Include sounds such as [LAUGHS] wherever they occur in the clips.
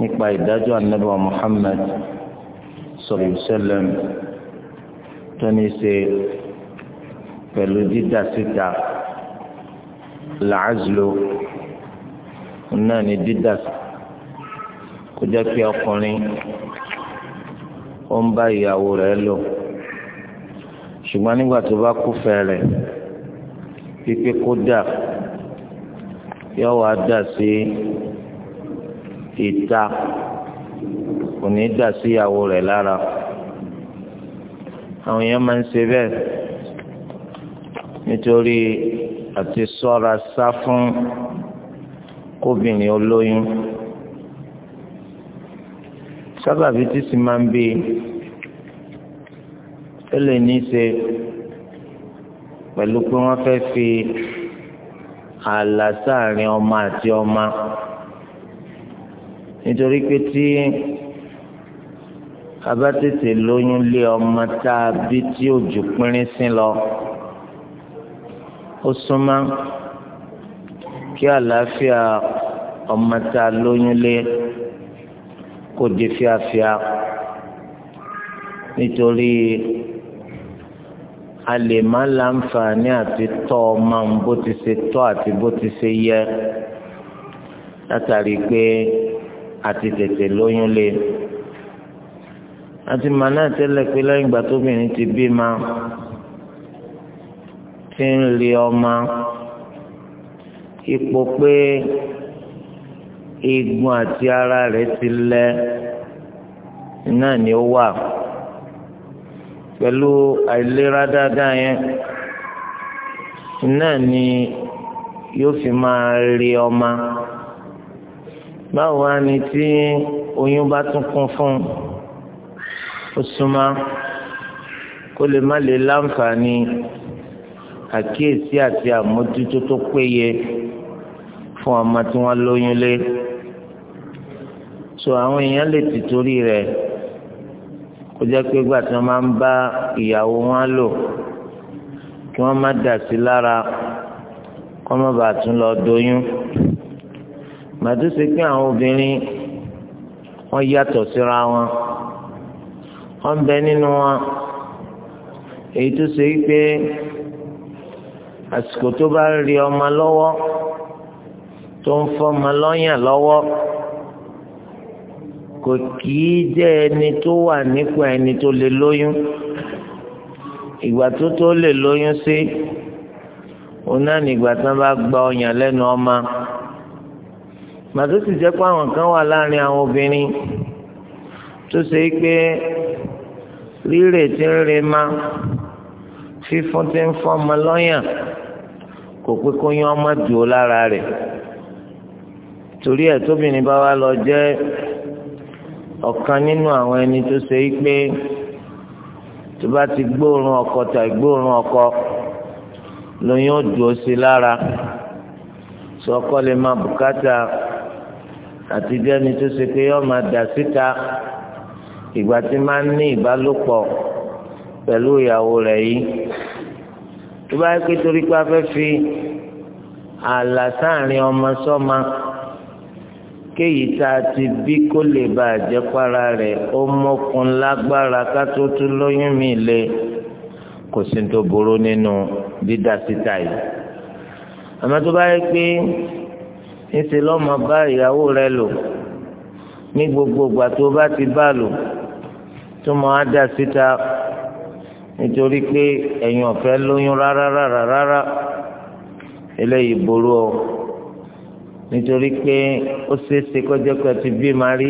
nípa ìdájọ́ anábọ̀ Muhammad sallallahu alaihi wasallam tó ní ṣe pẹ̀lú dídá síta làázlò náà ní dídá kó jẹ́ pé ọkùnrin ó ń bá ìyàwó rẹ̀ lò ṣùgbọ́n nígbà tó bá kúfẹ́ rẹ̀ pípé kó dà yọ wá dà sí ìta kò ní dà sí ìyàwó rẹ̀ lára àwọn èèyàn máa ń ṣe bẹ́ẹ̀ nítorí àti ṣọ́ra sá fún kóbìnrin olóyún sábàbí tí máa ń bí ó lè ní í ṣe pẹ̀lú pé wọ́n fẹ́ fi ààlà sáàrin ọmọ àti ọmọ nítorí pé tí a bá tètè lóyún lé ọmọ tá a bí tí òjò pínrín sí lọ ó súnmọ́ kí àlàáfíà ọmọ tá a lóyún lé kó di fíafíà nítorí a lè má láǹfààní àti tọ́ ọmọ bó ti ṣe tọ́ àti bó ti ṣe yẹ látàrí pé àti tètè lóyún lé àti màná tẹ́lẹ̀ pé lẹ́yìn ìgbà tóbìnrin ti bí ma ti ń lé ọmọ ipò pé eegun àti ara rẹ̀ ti lẹ náà ni ó wà pẹ̀lú àìlera dáadáa yẹn náà ni yóò fi máa rí ọmọ báwo wá ni tí oyún bá tún kún fún ó súnmọ́ kó lè má lè láǹfààní àkíyèsí àti àmójútó tó péye fún ọmọ tí wọ́n lóyún lé so àwọn èèyàn lè ti torí rẹ̀ kó jẹ́ pé gbà tí wọ́n máa ń bá ìyàwó wọn lò kí wọ́n má dà sí lára kó má bàa tún lọ doyún màtó ṣe pé àwọn obìnrin wọn yàtọ̀ síra wọn wọn bẹ nínú wọn èyí tó ṣe pé àsìkò tó bá rí ọmọ lọ́wọ́ tó ń fọmọ lọ́yàn lọ́wọ́ kò kì í jẹ́ ẹni tó wà nípò ẹni tó lè lóyún ìgbà tó tó lè lóyún sí òun náà nígbà tí wọ́n bá gba ọyàn lẹ́nu ọmọ màtó sì jẹ́ pé àwọn kan wà láàrin àwọn obìnrin tó ṣe é pé rírè tí ń re ma fífún tí ń fún ọmọ lọ́yàn kò pé kó yán ọmọ dùn ó lára rẹ̀ torí ẹ̀ tóbìnrin bá wá lọ jẹ́ ọ̀kan nínú àwọn ẹni tó ṣe é pé tó bá ti gbóòórùn ọkọ tàbí gbóòórùn ọkọ lóyún ó dùn ó sí lára sọ ọkọ lè máa bùkátà. So, àti bí ẹni tó ṣe pé ọmọ dà síta ìgbà tí máa ń ní ìbálòpọ̀ pẹ̀lú ìyàwó rẹ̀ yìí tó bá yẹ pé torí pé a fẹ́ fi ààlà sáàrin ọmọ sọ́ma kéyìí tá a ti bí kó lè bá a jẹ́ para rẹ̀ ó mọ́kun lágbára ká tó tún lóyún mi lé kò sí tó burú nínú dídá síta yìí àmọ́ tó bá yẹ pé níṣẹ lọmọ bá ìyàwó rẹ lò ní gbogbo ìgbà tó bá ti bá lò tó máa dá síta nítorí pé ẹ̀yin ọ̀fẹ́ lóyún rárá rárá rárá eléyìí burú o nítorí pé ó ṣeéṣe kọjá pé ti bí máa rí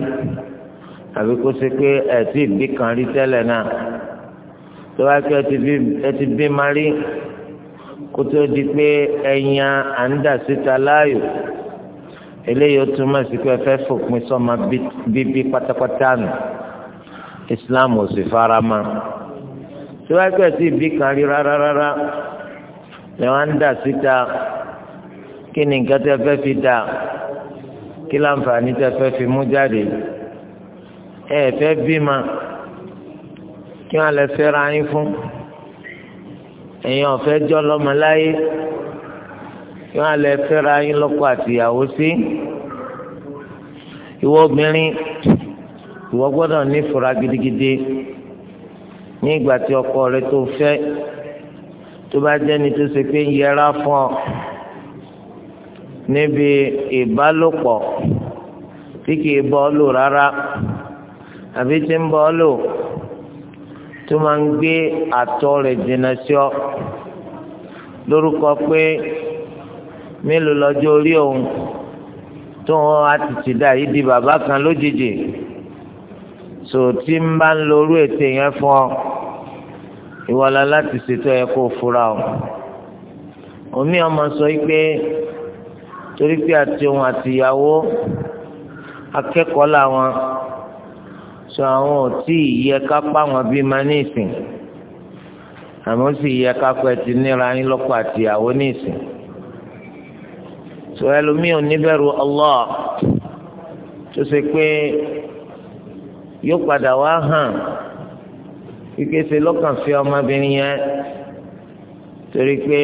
àbí kó ṣe pé ẹ ti bí kan rí tẹ́lẹ̀ náà tó bá pé ẹ ti bí máa rí kó tó di pé ẹ̀yin à ń dà síta láàyò eléyìí ó túmọ̀ sí pé ẹ fẹ́ fòpin sọ́mọ bíbí pátápátá nù islam ò sì fara mọ́ síwájú ẹ̀sìn ìbí kan rí rárá rárá ni wọ́n ń dà síta kí ni nǹkan tẹ́ fẹ́ fi dà kí láǹfààní tẹ́ fẹ́ fi mú jáde ẹ fẹ́ bímọ kí wọ́n lè fẹ́ ra yín fún ẹ̀yin ọ̀fẹ́ jọ́ lọ́mọ láyé yóò alẹ́ fẹ́ra yín lọ́kọ àtìyàwó sí ìwọ obìnrin ìwọ gbọ́dọ̀ ní ìfura gidigidi ní ìgbà tí ọkọ rẹ tó fẹ́ tó bá ni tó ṣe pé ń yẹra fún ọ níbi ìbálòpọ̀ tí kìí bọ́ lò rárá àbí tí ń bọ́ lò tó máa ń gbé àtọ̀ rẹ̀ jìnnà sí ọ lórúkọ pé mélòó lọ́jọ́ orí òun tó wọn á ti ti dà yìí di bàbá kan lójijì sòtí ń bá ń lo orú ètè yẹn fún ọ ìwọlá láti ṣètò ẹ kó fura o omi ọmọ sọ pé torí pé àti òun àti ìyàwó akẹ́kọ̀ọ́ làwọn sọ àwọn ò tí ì yẹ ká pa wọn bíi máa ní ìsìn àmọ́ sì yẹ ká pẹ́ ti níra yín lọ́pọ̀ àti ìyàwó ní ìsìn tó ẹlòmíì oníbẹ̀rù Allah tó ṣe pé yóò padà wá hàn kíkẹ́ ṣe lọ́kàn fi ọmọbìnrin yẹn torí pé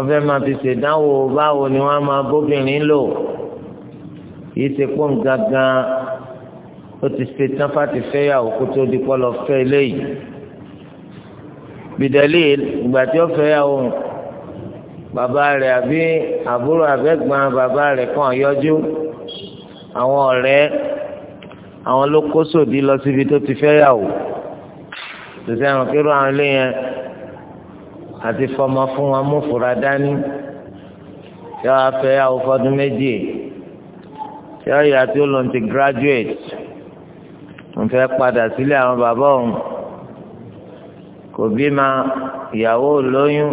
ọfẹ́ máa fi ṣèdánwò báwo ni wọ́n máa bóbìnrin lò yìí ṣe pọ́n gangan ó ti ṣe tán fáti fẹ́yàwó kó tó di pọ́ fẹ́ eléyìí bìdẹ́lì ìgbà tí ó fẹ́yàwó bàbá rẹ̀ àbí àbúrò àbẹ́gbọ́n bàbá rẹ̀ kàn yọjú àwọn ọ̀rẹ́ àwọn ló kó sòdí lọ síbi tó ti fẹ́ yàwó tòṣe àwọn kérò àwọn ilé yẹn àti fọmọ fún wọn mú fura dání yọ afẹ́ yàwó fọdún méjì yọ ìyá tí ó lòun ti graduate nfẹ́ padà sílé àwọn bàbá òun kò bí ma ìyàwó lóyún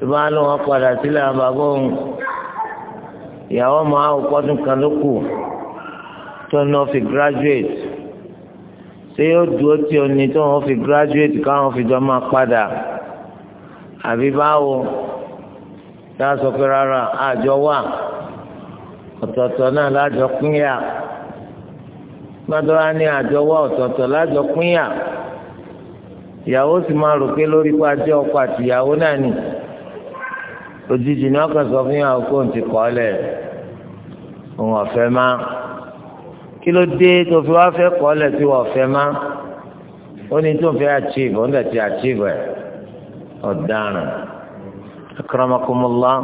tó bá lọ wọn padà sílẹ̀ àbàbọ òun ìyàwó máa tó ní wọn fi graduate ṣé yóò dúró tí o ní tó wọn fi graduate káwọn fi jọ máa padà àbí báwo tá a sọ pé rárá àjọ wà ọ̀tọ̀ọ̀tọ̀ náà lájọ pínyà gbàdúrà ní àjọ wà ọ̀tọ̀ọ̀tọ̀ lájọ pínyà ìyàwó sì máa rò pé lórí pàjẹ́ ọkọ àtìyàwó náà nìyí òjijì ni wọn kàn sọ fún yàrá kó n ti kọ́ lẹ̀ òun ọ̀fẹ́ má kí ló dé tó fi wá fẹ́ kọ́ lẹ̀ tí wọ́n ọ̀fẹ́ má ó ní tó ń fẹ́ achieve òun dẹ̀ ti achieve ẹ̀ ọ̀daràn akramakumullah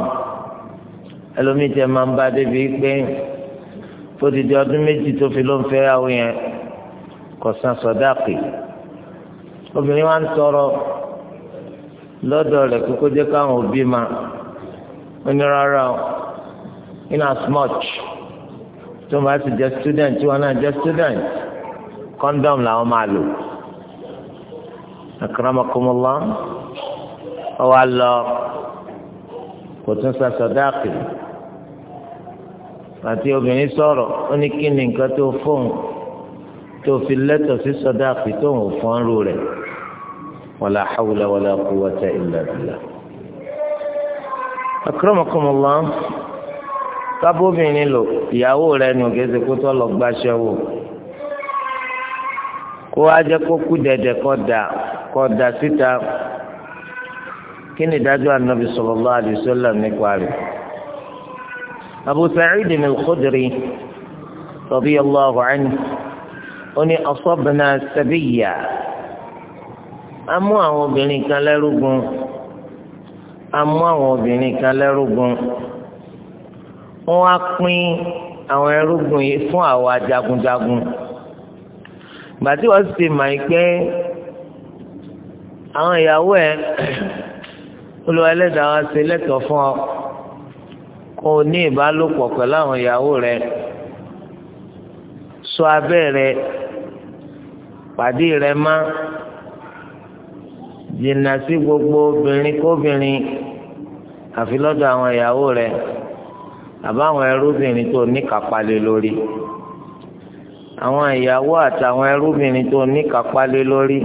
ẹlòmíì tẹ máa ń bá débi pé ó ọdún méjì tó fi ló ń fẹ́ yàwó yẹn kò san sọdáàkì obìnrin wa ń tọrọ lọ́dọ̀ rẹ̀ kókó jẹ́ káwọn òbí máa ní rárá o in as much tó bá ti jẹ́ student tí wọ́n náà jẹ́ student condom làwọn máa lò akramakumullah ọwọ́ àlọ́ kò tún sa sọdáàkì àti obìnrin sọ̀rọ̀ ó ní kí ni nǹkan tó fóun tó fi lẹ́tọ̀ sí sọdáàkì tó ń fọ́n rú rẹ̀ wala hawla wala quwwata illa akramakumullah kábóbìnrin lò ìyàwó rẹ nù gẹ́sẹ̀ kó tó lọ gbàṣẹ wò kó ajẹ́ kó kú dẹ̀dẹ̀ kó da kó da síta kí ni dájú anabi sallallahu alaihi wasallam nípa rẹ̀ Abu Sa'id al-Khudri radiyallahu anhu ó ní asabna sabiyya a mú kan lẹ́rú gan a mú àwọn obìnrin kan lẹ́rúgun wọ́n á pín àwọn ẹrúgun yìí fún àwọn jagunjagun gbàtí wọ́n sì mọ̀ ẹ́ pé àwọn ìyàwó ẹ̀ olùwà ẹlẹ́dàá wa ṣe lẹ́tọ̀ọ́ fún ọ kó ní ìbálòpọ̀ pẹ̀lú àwọn ìyàwó rẹ ṣọ́ abẹ́ rẹ pàdé rẹ má jìnnà sí gbogbo obìnrin kóbìnrin àfi lọ́dọ̀ àwọn ìyàwó rẹ̀ àbáwọn ẹrúbìnrin tó níkàpalẹ̀ lórí àwọn ìyàwó àtàwọn ẹrúbìnrin tó níkàpalẹ̀ lórí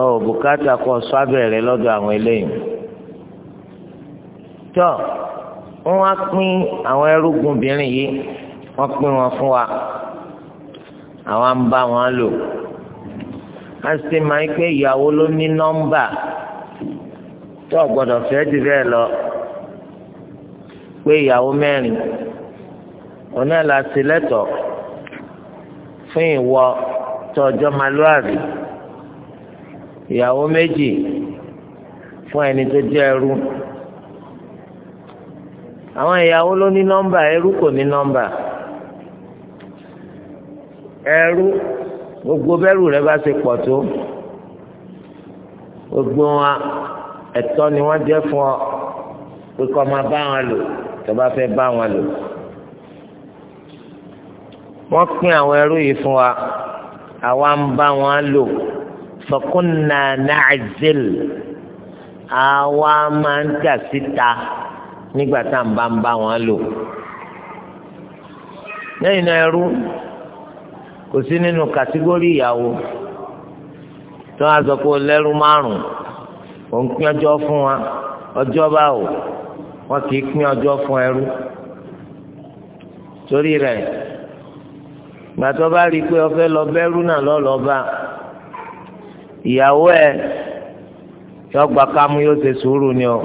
ọ bùkátà kọ sábẹ̀rẹ̀ lọ́dọ̀ àwọn eléyìí tọ́ wọ́n wá pín àwọn ẹrúgbìnrin yìí wọ́n pín wọn fún wa àwọn ń bá wọn lò a sì máa ń pé ìyàwó ló ní nọ́mbà. No tó ọ̀gbọ́dọ̀ fẹ́ ti bẹ́ẹ̀ lọ pé ìyàwó mẹ́rin ọ̀nà láti lẹ́tọ̀ fún ìwọ tó ọjọ́ malúàbí ìyàwó méjì fún ẹni tó jẹ́ ẹrú àwọn ìyàwó ló ní nọ́mbà ẹrú kò ní nọ́mbà ẹrú gbogbo bẹ́rù rẹ bá ṣe pọ̀ tó gbogbo wa ẹ̀tọ́ ni wọ́n jẹ́ fún ọ pé kọ́ máa bá wọn lò tó bá fẹ́ bá wọn lò. wọ́n pín àwọn ẹrú yìí fún wa àwa ń bá wọn lò fọkúnnà nàìjíríl àwa máa ń jà síta nígbà tá à ń bá ń bá wọn lò. lẹ́yìn náà ẹrú kò sí nínú kàtígórì ìyàwó tó wá sọ pé lẹ́rú márùn-ún òun pín ọjọ́ fún wa ọjọ́ báwo wọn kì í pín ọjọ́ fún ẹrú torí rẹ̀ gbàtọ́ bá rí i pé ó fẹ́ lọ bẹ́rú náà lọ́lọ́ba ìyàwó ẹ̀ yọ gbà kámú yóò ṣe sùúrù ni o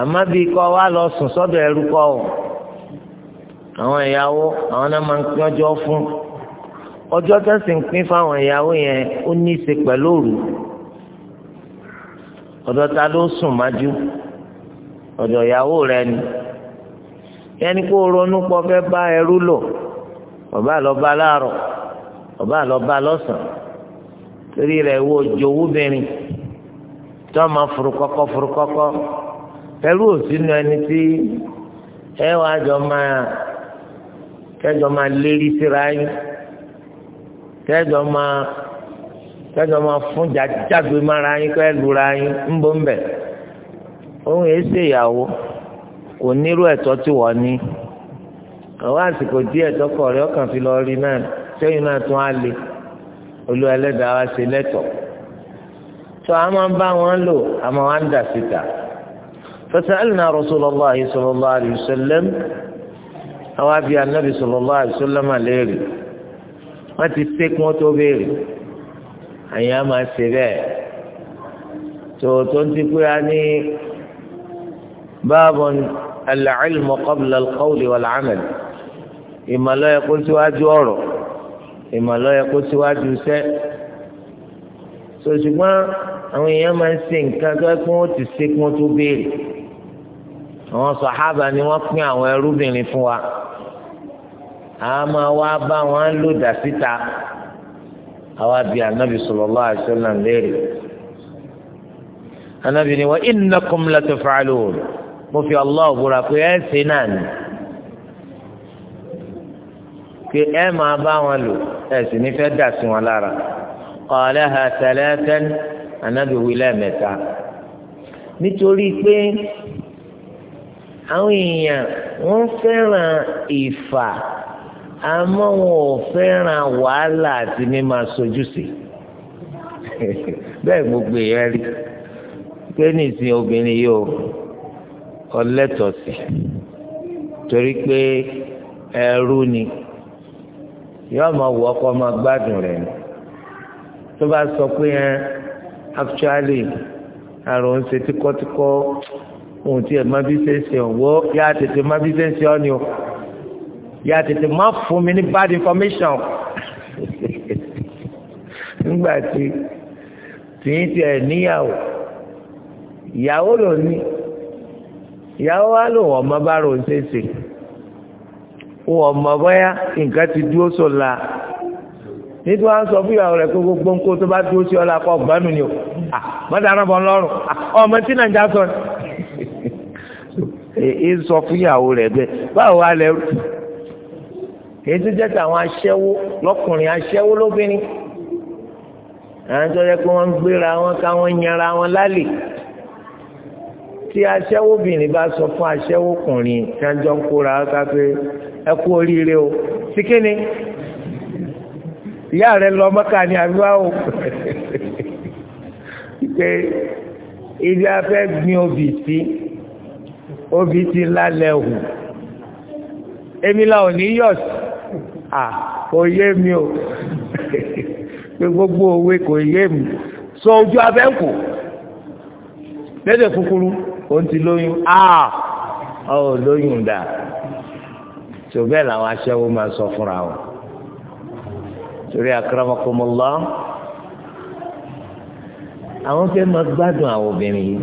àmọ́ bíi kọ́ wa lọ sùn sọ́dọ̀ ẹrú kọ́ o àwọn ìyàwó àwọn náà máa ń pín ọjọ́ fún ọjọ́ tẹ̀sí ń pín fáwọn ìyàwó yẹn ó ní í ṣe pẹ̀lú òru ọ̀dọ̀ ta ló sùn májú ọ̀dọ̀ ìyàwó rẹ ni yẹni kó ronú pọ̀ fẹ́ bá ẹrú lò ọba lọ́ba láàárọ̀ ọba lọ́ba lọ́sàn torí rẹ̀ wo jowúbìnrin tọ́mọ furukọ́kọ́ furukọ́kọ́ ẹrú òsínú ẹni tí ẹ wàá jọ máa kẹjọ máa lérí síra yín kẹjọ máa kẹsàn máa fún jágbe mára yín kẹ́ lura yín ń bọ́ ń bẹ̀ òun yìí ṣe ìyàwó kò nírú ẹ̀tọ́ tí wọ́n ní àwọn àsìkò díẹ̀ tọkọ rẹ̀ ọkàn fi lọ rí náà sẹ́yìn náà tún á le olú ẹlẹ́dàá wa ṣe lẹ́tọ̀ọ́ tó a máa ń bá wọn lò a máa wá ń dà síta fasalna rasulullahi sallallahu alaihi wasallam àwọn abiy àyìn á máa ṣe bẹ́ẹ̀ tó tó ń ti pé a ní báàbọ̀ al-ilmu qabla al-qawli wal-amal ìmọ̀lọ́ yẹ kó síwájú ọ̀rọ̀ ìmọ̀lọ́ yẹ kó síwájú iṣẹ́ tó ṣùgbọ́n àwọn èèyàn máa ń ṣe nǹkan tó kí wọ́n ti ṣe kí wọ́n tó béèrè àwọn sàhábà ni wọ́n pín àwọn ẹrúbìnrin fún wa àá máa wá bá wọn lò dà síta àwa bí anabi sallallahu alaihi wasallam léèrè anabi ni wa innakum lataf'alun mo fi allah búra pé ẹ ṣe náà ni pé ẹ máa bá wọn lò ẹ sì ní fẹ́ dà sí wọn lára qalaha thalathan anabi wí lẹ́ẹ̀mẹ́ta nítorí pé àwọn èèyàn wọ́n fẹ́ràn ìfà àmọ́ wọn ò fẹ́ràn wàhálà àti mímọ sojú sí bẹ́ẹ̀ gbogbo èèyàn rí pé nìsín obìnrin yìí ó ọlẹ́tọ̀ọ̀sì torí pé ẹrú ni yóò máa wọ ọkọ máa gbádùn rẹ̀ ni tó bá sọ pé ẹ actually àrùn ń ṣe tíkọ́tíkọ́ ohun tí ẹ̀ má bí ṣe ń ṣe ọ̀wọ́ yá tètè má bí ṣe ń ṣe ọ́ ni o yà tètè má fún mi ní bad information nígbà tí tìyín ti ẹ̀ níyàwó ìyàwó ló ní ìyàwó wa lò wọ́n ọmọ bá rò ń ṣèṣe wọ́n ọmọ bọ́yá nǹkan ti dúró sọ̀la nítorí wọn sọ fún ìyàwó rẹ pé gbogbo nǹkó tó bá dúró sí ọ la kọ gbanu ni o mọdàrán bọ ńlọrùn ọmọ tí nàìjíríà sọ ni. èyí [LAUGHS] sọ fún ìyàwó rẹ bẹ́ẹ̀ báwo wà lẹrú kì í tún jẹ́ tàwọn aṣẹ́wó lọ́kùnrin aṣẹ́wó lóbìnrin àwọn tó yẹ kó wọ́n ń gbéra wọn ká wọ́n yanra wọn lálẹ́ tí aṣẹ́wóbìnrin bá sọ fún aṣẹ́wókùnrin tí wọ́n jọ ń kóra ká pé ẹ kú oríire o sí kíni ìyá rẹ lọ mọ́kà ní àbíwá o [LAUGHS] pé ilé afẹ́ gbin obì sí obì ti lálẹ́ hù èmi làwọn ní yọ̀sí à kò yé mi o pé gbogbo òwe kò yé mi sọ ojú abẹ́ ń kù lédè kúkúrú òun ti lóyún à ọ̀ lóyún dà o bẹ́ẹ̀ làwọn aṣẹ́wó máa sọ fúnra wọn torí akramakumullah àwọn fẹ́ máa gbádùn àwọn obìnrin yìí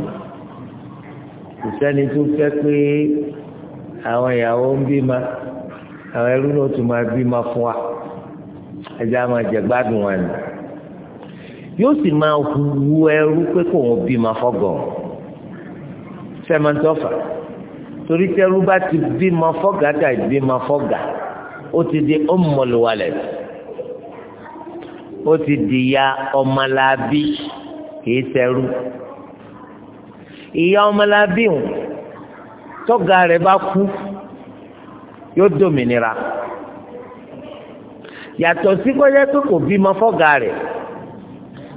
kò sẹ́ni tó fẹ́ pé àwọn ìyàwó ń bímọ àwọn ẹrú náà tún máa bí máa fún wa ẹja máa jẹ gbádùn wa ni yóò sì máa wu ẹrú pé kò ń bí máa fọgọ sẹmẹńtọfà torí tẹrú bá ti bí máa fọgà tà bí máa fọgà ó ti di ọmọlúwalẹ ó ti di ya ọmọlábí kìí tẹrú ìyá ọmọlábí tọgà rẹ bá kú yóò dòmìnira yàtọ̀ sí kọjá pé kò bímọ fọ́gà rẹ̀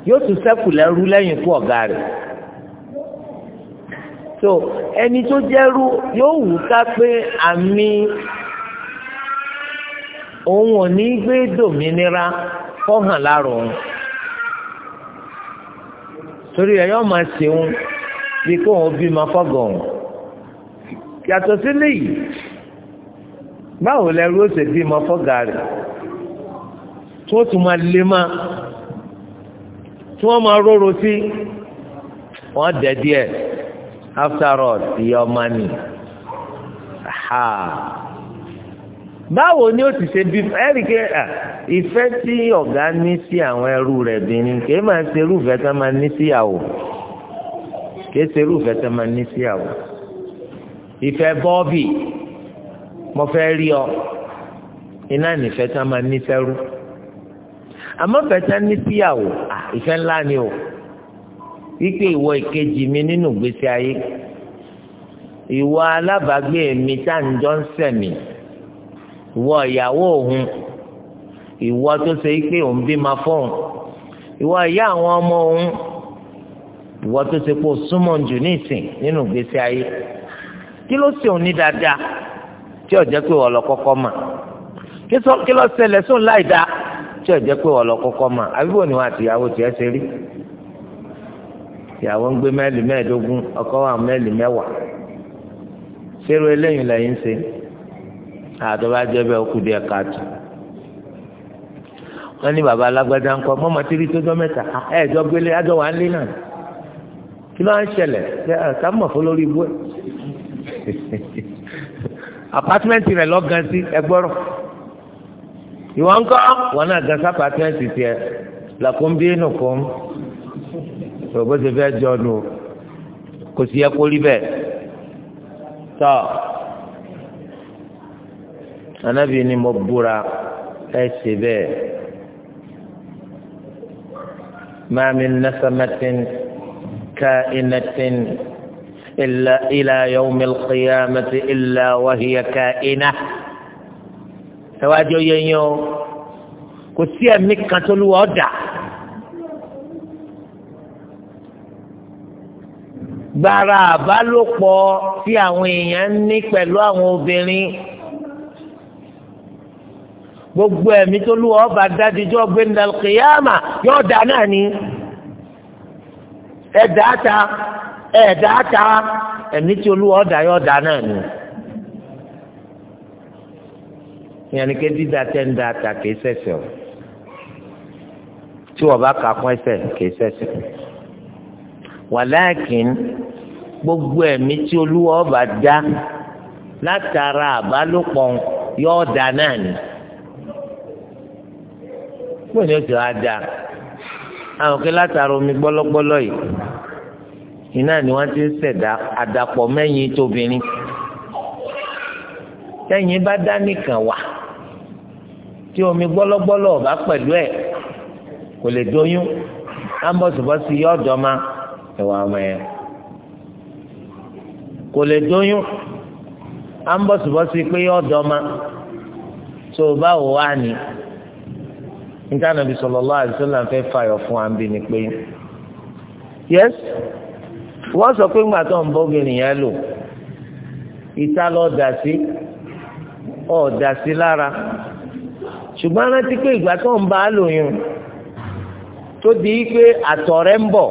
yóò tún ṣẹ́kù lẹ́rú lẹ́yìn ikú ọ̀gá rẹ̀ so ẹni tó jẹ́rú yóò wù ká pé àmì òun ò ní gbé dòmìnira fọ́hàn lára òun torí ẹ̀ yóò máa ṣeun bí kóun bímọ fọ́gà òun yàtọ̀ sí léyìí báwo lẹrú ó ṣe bímọ fọ́gà rẹ̀ tí wọ́n tún máa lé máa tí wọ́n máa róró sí wọ́n dẹ̀ díẹ̀ after all ìyá ọmọ ni báwo ni ó ti ṣe bí ẹ̀ríkẹ́ ìfẹ́ tí ọ̀gá ní sí àwọn ẹrú rẹ̀ bìnrin kìí máa ṣe irúfẹ́ tá máa ní síyàwó kìí ṣe irúfẹ́ tá máa ní síyàwó ìfẹ́ bọ́ọ̀bì mo fẹ́ rí ọ iná nífẹ̀ẹ́ tá a máa nífẹ̀ẹ́ rú àmọ́ fẹ́tẹ́ ní síyàwó ìfẹ́ ńlá ni o wípé ìwọ ìkejì mi nínú ìgbésí ayé ìwọ alábàágbé mi tá à ń jọ ń sẹ̀mí ìwọ ìyàwó òun ìwọ tó ṣe pé òun bímọ fóun ìwọ ìyá àwọn ọmọ òun ìwọ tó ṣe pé ó súnmọ́ jù ní ìsìn nínú ìgbésí ayé kí ló ṣe òun ní dáadáa. tí ọ̀jẹ́ pé wọ́n lọ kọ́kọ́ mà kí lọ ṣẹlẹ̀ sóun láì dáa tí ọ̀jẹ́ pé wọ́n lọ kọ́kọ́ mà àbíbò ni wọn àtìyàwó tiẹ̀ ṣe rí ìyàwó ń gbé mẹ́lì mẹ́ẹ̀ẹ́dógún ọkọ mẹ́lì mẹ́wàá eléyìí lẹ́yìn ṣe àtọ́bá jẹ́ bẹ́ẹ̀ baba alágbádá mọ́mọ́ tí rí tójọ́ mẹ́ta ah, ẹ̀ẹ́dọ́ gbélé ájọ́ wà ń lé náà kí ló ń ṣẹlẹ̀ ṣe ah, mọ̀ [LAUGHS] apátímẹ́ǹtì rẹ̀ lọ́gàn sí ẹgbọ́rọ̀ ìwọ ńkọ́ wọn náà gan sí apátímẹ́ǹtì tiẹ̀ làkún bí inú kún òbó ti fẹ́ jọ nù kò sí ẹkú rí bẹ́ẹ̀ tọ́ anábì ni mo búra ẹ ṣe bẹ́ẹ̀ ma min nasamatin ka inatin. إلا إلى يوم القيامة إلا وهي كائنة tẹwájú yẹn o kò sí ẹ̀mí kan tó lúwa ọ̀dà gbàrà àbálòpọ̀ tí àwọn èèyàn ní pẹ̀lú àwọn obìnrin gbogbo ẹ̀mí tó lúwa ọba dádìjọ́ gbẹ̀ndàlùkìyàmà yóò dá náà ní ẹ̀dá ta ẹ̀ẹ́dá ta ẹ̀mí tí olúwa ọ̀dà yọ̀ ọ̀dà náà nù ìyànní ké dídá tẹ́ ń da ta kìí sẹ̀sẹ̀ o tí wọ́n bá kà kún ẹsẹ̀ kìí sẹ̀sẹ̀ wàláàkín gbogbo ẹ̀mí tí olúwa ọba dá látara àbálòpọ̀ yọ̀ ọ̀dà náà nù gbọ́dọ̀ tí wàá dá àwọn kí látara omi gbọ́lọ́gbọ́lọ́ yìí iná ni wọ́n ti ń ṣẹ̀dá àdàpọ̀ mẹ́yìn tóbìnrin tẹ́yìn bá dá nìkan wà tí omi gbọ́lọ́gbọ́lọ́ ọ̀bá pẹ̀lú ẹ̀ kò lè dóyún ámbọ̀sibọ́sí yọ ọ̀dọ́ ma ẹ̀wà ọmọ yẹn kò lè dóyún ámbọ̀sibọ́sí pé yọ ọ̀dọ́ ma tó o bá wò wá ni níta nàbí sallallahu alaihi wasallam fẹ́ fàyọ̀ fún wa ń bí ni pé yẹ́sì. wọ́n sọ pé ńgbà ń bọ́ obìnrin yẹn lò ìta lọ dà sí ọ̀ dà sí lára ṣùgbọ́n rántí pé ìgbà tó ń bá a lò tó di pé àtọ̀ ń bọ̀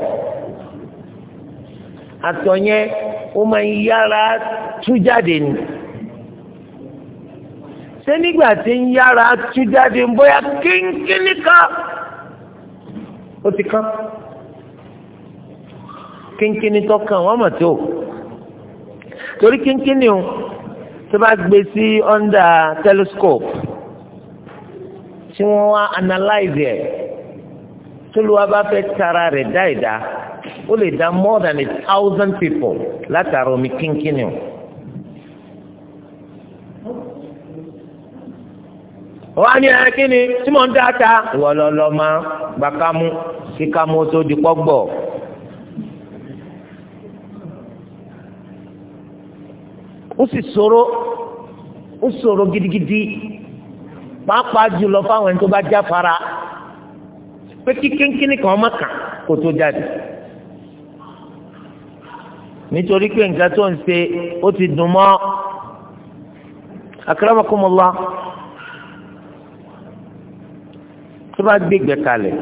àtọ̀ yẹn ó máa ni ṣé nígbà tí ń yára tú jáde bóyá kínkínní kan ó kínkínní tó kàn wọ́n mọ̀ tó torí kínkínní o tó bá gbé sí under telescope tí wọ́n wá analyze ẹ̀ tó ló wá bá fẹ́ tara rẹ̀ dá ìdá ó lè dá more than a thousand people látara omi kínkínní o. wọ́n ní ẹ ni tí mò ń dá ta ìwọ lọ́ọ́ lọ́ọ́ máa gbàkámú kíkámú tó di pọ́gbọ̀. ó sì ṣòro ó ṣòro gidigidi pàápàá jùlọ fáwọn ẹni tó bá jáfara pé kí kínkínní kan má kàn kó tó jáde nítorí pé nǹkan tó ń ṣe ó ti dùn mọ́ akramakumullah tó bá gbégbé kalẹ̀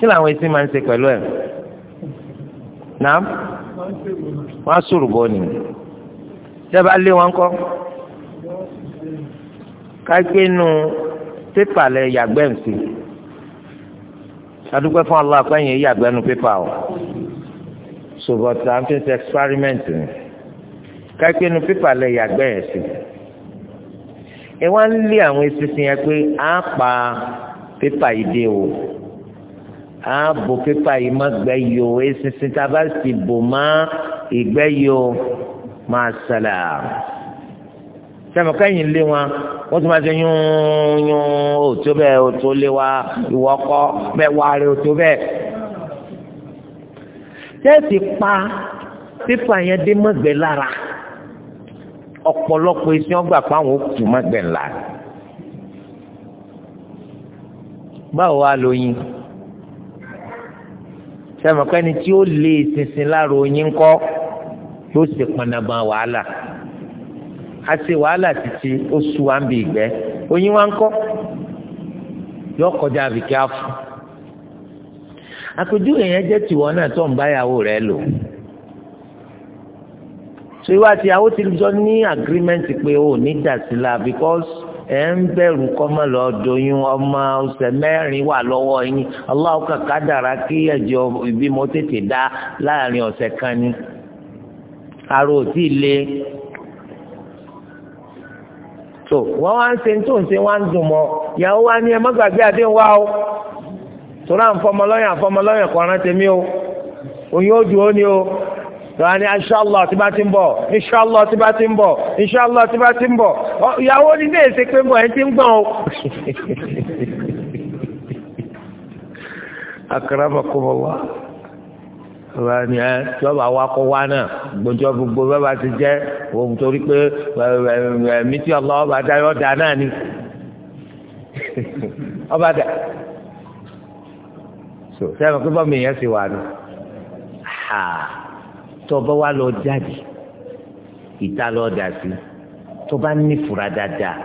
kí làwọn ẹṣin máa ń ṣe pẹ̀lú ẹ̀ nàá wọ́n á sòròbó ni jẹba lé wọn kọ kágbé nu pépà lẹ yàgbẹ́ nsì adúgbò fún ọlọ́ àpẹ́yìn yàgbẹ́ nu pépà o sòbọ̀tà ń fẹsẹ̀ experiment ni kágbé nu pépà lẹ yàgbẹ́ yẹn ẹ wá lé àwọn eṣinṣin yẹn pé á pépà yìí dé o a bò pépà yìí má gbẹ yìí o eṣinṣin tá a bá sì bò má ìgbẹ́ yìí o máa ṣẹlẹ̀ sẹ́mi kẹ́yìn lé wọn wọ́n tún máa ṣe yún yún ó tó bẹ́ẹ̀ ó tó lé wa ìwọ kọ́ bẹ́ẹ̀ wá rí ó tó bẹ́ẹ̀. tẹ́ẹ̀sì pa pépà yẹn dé mọ́gbẹ́ lára ọ̀pọ̀lọpọ̀ iṣẹ́ ọgbà fáwọn òkú mọ́gbẹ́ ńlá. báwo wá lóyún sẹ́mọ̀kẹ́ni tí ó lé sinsin lára oyin kọ́ yóò ṣe pọnàbọ wàhálà a ṣe wàhálà títí ó sú wa ń bi ìgbẹ́ oyin wa ń kọ́ yọ kọjá àbíkẹ́ àfọ àpèjúwe yẹn jẹ́ tiwọn náà tó ń báyàwó rẹ lò so ìwà àti ìyàwó ti jọ ní agreement pé o ò ní dà sí la because ẹ ń bẹ̀rù kọ́ lọ doyún ọmọ ọ̀sẹ̀ mẹ́rin wà lọ́wọ́ yín aláwọ̀ kàkà dára kí ẹ̀jẹ̀ ìbímọ tètè dá láàrin ọ̀sẹ̀ kan ni ara ò tí ì le so wọ́n wá ń se tó ń mọ́ ìyàwó wa ni ẹ wa o tó náà ń fọmọ lọ́yàn àfọmọ lọ́yàn kọ́ ọ̀rán ní o. wọ́n ní inṣàlá tí bá ti ń bọ̀ inṣàlá tí bá ti ń bọ̀ inṣàlá tí bá ti ń bọ̀ ìyàwó ní ilé ìṣe pé bọ̀ ẹ ti ń gbọ̀n o. [LAUGHS] akramakumullah wọ́n ní ẹ jọba wa kó wá náà gbọ́njọ́ gbogbo bàbá ti jẹ́ òun torí pé ẹ̀mí tí ọlọ́wọ́ bá dá yọ̀ dá náà ni [LAUGHS] ọba dà so sẹ́yìn pé bọ́mì yẹn ti wà ní tó bá wá lọ jáde ìta lọ dà sí tó bá ní fura dáadáa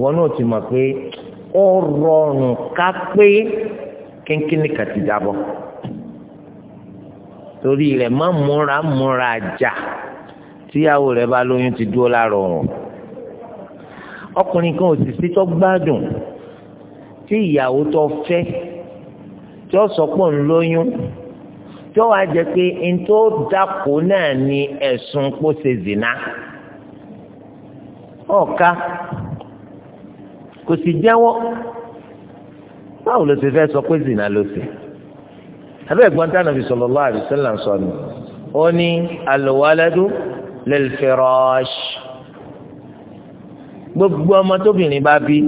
wọn náà ti mọ̀ pé ó rọrùn ká pé kínkínní kan ti dábọ̀ torí rẹ̀ má múra múra jà tíyàwó rẹ̀ bá lóyún ti dúró láàrọ̀ wọn ọkùnrin kan ò sì sí tó gbádùn tí ìyàwó tó fẹ́ tí ó sọ pé òun lóyún tí ó wàá jẹ pé n tó dàpọ̀ náà ni ẹ̀sùn kó ṣe zìnà ọ̀ka kò sì jẹ́wọ́ báwo ló ti fẹ́ sọ pé zìnà ló ṣe abẹ́ ẹ̀gbọ́n tánà fi sallallahu alaihi wasallam sọ ni ó ní al-waladu gbogbo ọmọ tóbìnrin bá bí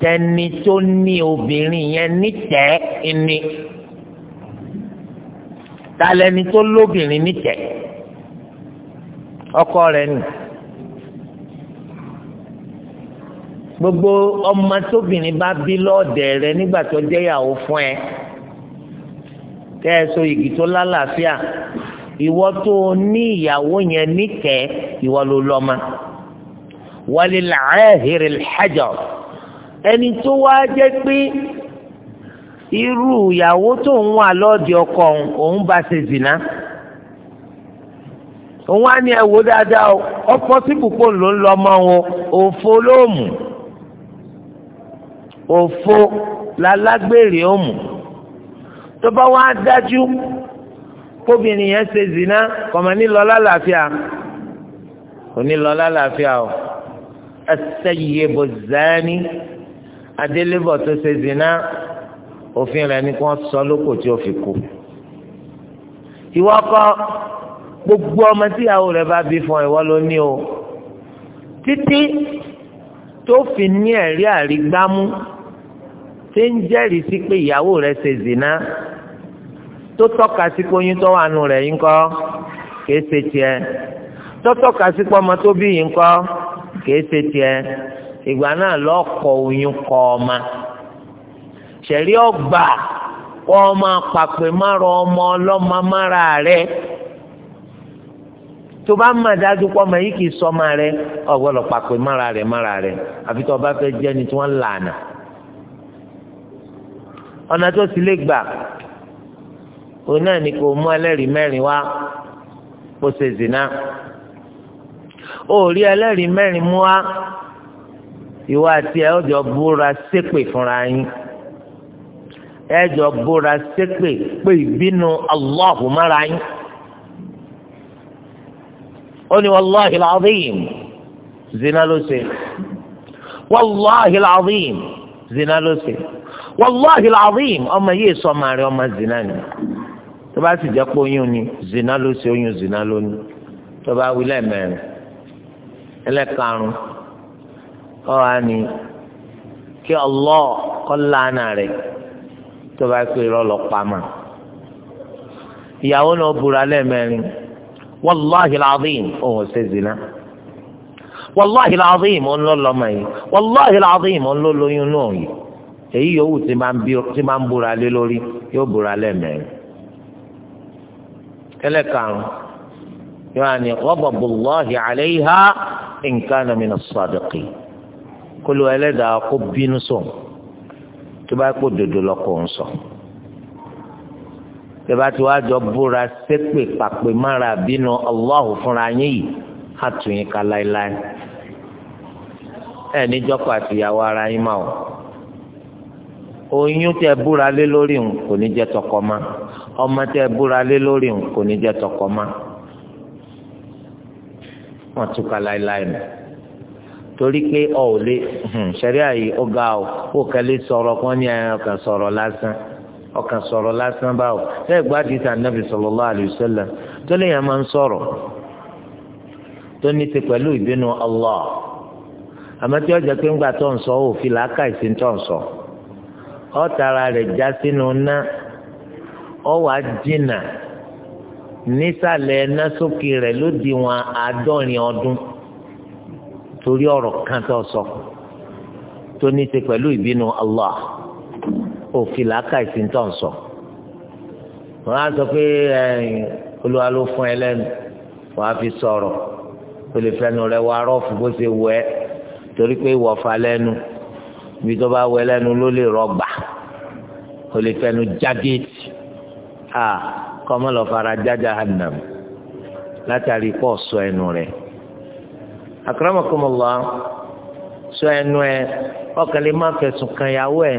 tẹni tó ní obìnrin yẹn nítẹ̀ẹ́ ni talẹni tó lóbìnrin nítẹ̀ ọkọ rẹ̀ ni gbogbo ọmọ tóbìnrin bá bí lọ́ọ̀dẹ̀ rẹ̀ nígbà tó jẹ́ ìyàwó fún ẹ kẹ́ ẹ so igi tó lálàáfíà ìwọ tó ní ìyàwó yẹn nítẹ̀ ìwọ ló lọ́mọ wàlẹ̀ làárẹ̀ hìrì hajar ẹni tó wá jẹ́ pé irú ìyàwó tó ń wà lọ́ọ̀dì ọkọ òun bá ṣe zìnà òun á ní ẹ̀wò dáadáa o ọ̀pọ̀ síbù kò ló ń lọ ọmọ wọn òfo lóòmù òfo lálágbèrè òmù tó bá wá dájú kóbìnrin yẹn ṣe zìnà kọ̀mọ́ nílọ lálàáfíà onílọ lálàáfíà o ẹsẹ̀ yìí ebò zẹ́ẹ́ni adélébọ̀ tó ṣe zìnà òfin rẹ̀ ni kí wọ́n sọ lóko tí ó fi kú ìwọ kọ́ gbogbo ọmọ tíyàwó rẹ̀ bá bí fún ìwọ ló ní o títí tó fi ní ẹ̀rí àrígbámú tí ń jẹ́rìí sí pé ìyàwó rẹ̀ ṣe zìnà tó tọ́ka sí pé oyún tó wà nù rẹ̀ yín kọ́ kìí ṣe tiẹ̀ tó tọ́ka sí pé ọmọ tó bí yín kọ́ kìí ṣe tiẹ̀ ìgbà náà lọ́ọ̀kọ̀ oyún kọ́ ọma ṣẹ̀rí ọgbà wọ́n máa pàpè márọ̀ ọmọ ọlọ́mọ mára rẹ̀ tó bá mà dájú pọ́ ọmọ yìí kì í sọmọ rẹ̀ ọ̀gbọ́dọ̀ pàpè mára rẹ̀ mára rẹ̀ àfi tó o fẹ́ jẹ́ ni tí wọ́n lànà ọ̀nà tó sì lè gbà òun náà ni kò mú ẹlẹ́rìí mẹ́rin wá kó ṣe zina ó rí ẹlẹ́rìí mẹ́rin mú wá ìwọ àti ẹ̀ ọ̀jọ̀ búra ṣépè fúnra yín. ẹjọ bóra ṣépè pé ìbínú Allahu mára yín ó ní wàláhi làdìm zina ló ṣe zina ló ṣe wàláhi làdìm ọmọ yìí sọ ọmọ rẹ ọmọ zina ni tó bá sì jẹ́ pé oyún zina ló ṣe oyún zina ló ní tó bá wí lẹ́ẹ̀mẹ́rin ẹlẹ́karùn kí Allah kọ́ tó bá pé irọ́ lọ pamọ́ ìyàwó náà búra lẹ́ẹ̀mẹ́rin wàláhi làdín òun ṣe zina wàláhi làdín òun ló lọ́mọ yìí wàláhi làdín òun ló lóyún náà yìí èyí yòówù tí máa ń búra lé lórí yóò búra lẹ́ẹ̀mẹ́rin ẹlẹ́karùn yaani ghadabullahi alayha in kana mina as-sadiqin kólú ẹlẹ́dàá kó bínú sọ̀rọ̀ tó bá kó dodo lọkọ ń sọ tẹ́bá tí wàá búra ṣépè pàpè mára bínú Allahu fúnra yín yìí á tún yín ká láéláé ẹ níjọ́kọ̀ àtìyàwó ara yín máa o oyún tẹ búra lé lórí ń kò ní jẹ́ tọkọ ma ọmọ tẹ búra lé lórí ń kò ní jẹ́ tọkọ ma wọ́n tún ká láéláé nù. torí pé ọ ò lè ṣẹ̀ríà yìí ó ga ọ ó kẹ́lẹ́ sọ̀rọ̀ kan ní ọkàn sọ̀rọ̀ lásán ọkàn sọ̀rọ̀ lásán báwo ṣé ìgbádìí tà nàbì sallallahu alaihi wasallam tó lè yàn máa ń sọ̀rọ̀ tó ní ti pẹ̀lú ìbínú Allah àmọ́ tí ọjà pé tó ń sọ ọ rẹ̀ já sínú ná torí ọ̀rọ̀ kan tó sọ tó ní ṣe pẹ̀lú ìbínú Allah òfin làákà ìsìntàn sọ wọn á sọ pé olúwa ló fún ẹ lẹ́nu wọn á fi sọ̀rọ̀ o lè fẹnu rẹ wá rọfù bó ṣe wọ ẹ torí pé ìwọ̀fà lẹ́nu ibi tó bá wọ ẹ lẹ́nu ló lè rọgbà o lè fẹnu jágéètì kọ́mọ́ lọ́ọ́ jájà hànàm látàrí pọ̀ sọ ẹnu rẹ̀ akramakumullah sọ ẹnu ẹ ọkàn má fẹ̀sùn kan ìyàwó ẹ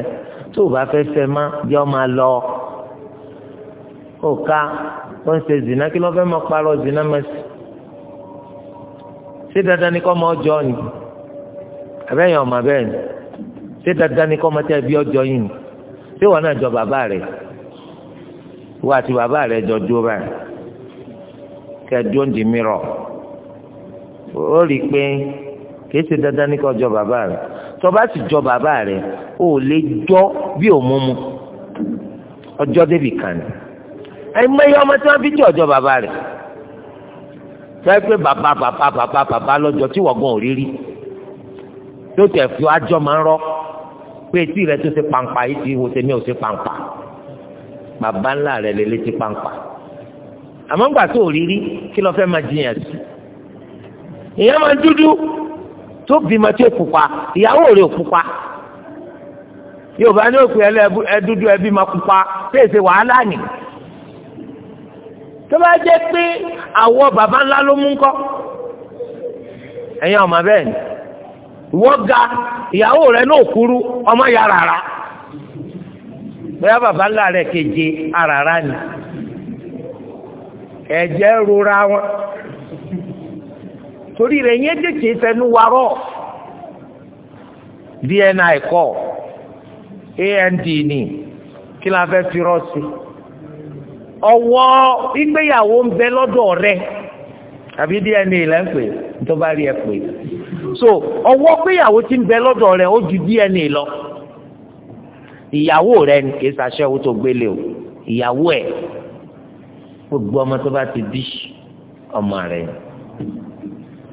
tó o bá fẹ́ fẹ́ má yọ máa lọ òka ó ń ṣe zina kí ló fẹ́ máa parọ́ zina máa sì ṣé dandan ni kọ́ máa ọjọ́ ni àbẹ́yẹn ọ̀ma bẹ́ẹ̀ ni ṣé dandan ni kọ́ máa tẹ́ bí ọjọ́ yìí ni ṣé wọn náà jọ bàbá rẹ̀ wọ́n àti bàbá rẹ̀ jọ dúró báyìí kẹ́ dúró ń di mìíràn ó rí i pé kìí ṣe dandan ní kó jọ bàbá rẹ̀ tó bá sì jọ bàbá rẹ̀ ó lè jọ bí òmùmù ọjọ́ débì kan ni ẹ̀mẹ́yẹ ọmọ tí wọ́n fi jẹ́ ọjọ́ bàbá rẹ̀ fẹ́ pé bàbá bàbá bàbá bàbá lọ́jọ́ tí wọ́n ò rí rí tó tẹ̀ fi ajọ́ máa ń rọ́ pé etí rẹ̀ tó ṣe pàǹpà yìí ti wo tèmi ò ṣe pàǹpà bàbá ńlá rẹ̀ lè létí pàǹpà àmọ́ ńgbà tó rí rí kí ló fẹ́ máa jiyàn sí i èèyàn máa dúdú tó bímọ tó pupa ìyàwó rẹ̀ pupa yorùbá ní òkú dúdú ẹbí máa pupa fèsì wàhálà nì tó bá jẹ́ pé àwọ̀ baba ńlá ló mú kọ́ ọmọ bẹ́ẹ̀ ni ga ìyàwó náà kúrú ọmọ ya bóyá baba ńlá keje arara ni rora wọn. torí rẹ̀ yẹn tètè fẹnu warọ́ dni kọ́ and ni kí la fẹ́ fi rọ́ sí ọwọ́ ìgbéyàwó ń bẹ lọ́dọ̀ rẹ̀ àbí dna lẹ́ ń pè tó bá rí ẹ pè so ọwọ́ péyàwó ti ń bẹ lọ́dọ̀ rẹ̀ ó ju dna lọ ìyàwó rẹ̀ ni kì í ṣàṣẹ́wó tó gbélé o ìyàwó ẹ̀ gbogbo ọmọ tó bá ti bí ọmọ rẹ̀ yìí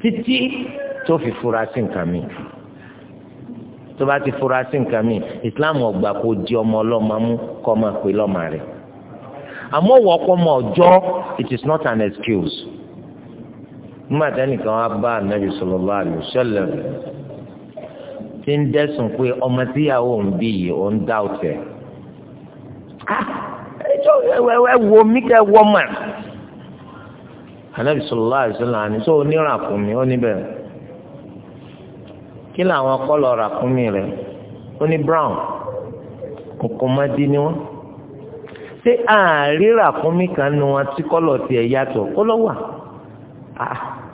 títí tó fi fura sí nǹkan mi tó bá ti fura sí nǹkan mi islam ọgbà kò di ọmọ ọlọ́mọ mú kọ́ máa pè lọ́mọ rẹ̀ àmọ́ wọ́n kọ́ mọ ọjọ́ it is not an excuse nígbà tẹ́nìkan wá bá anabi sallallahu alaihi wasallam ti ń dẹ́sùn pé ọmọ tíyàwó ń bí yìí ó ń dá ọ̀tẹ̀ ah, ẹ wo mí kẹ́ wọ́n mọ̀ anabi sọlọ àìsàn àní tó onírà kún mi ó níbẹ̀ kí làwọn kọlọ rà kún ó ní brown kòkó má dín ní wọn ṣé àárírà kún mi kan nu wọn tí kọlọ tiẹ̀ yàtọ̀ kó lọ wà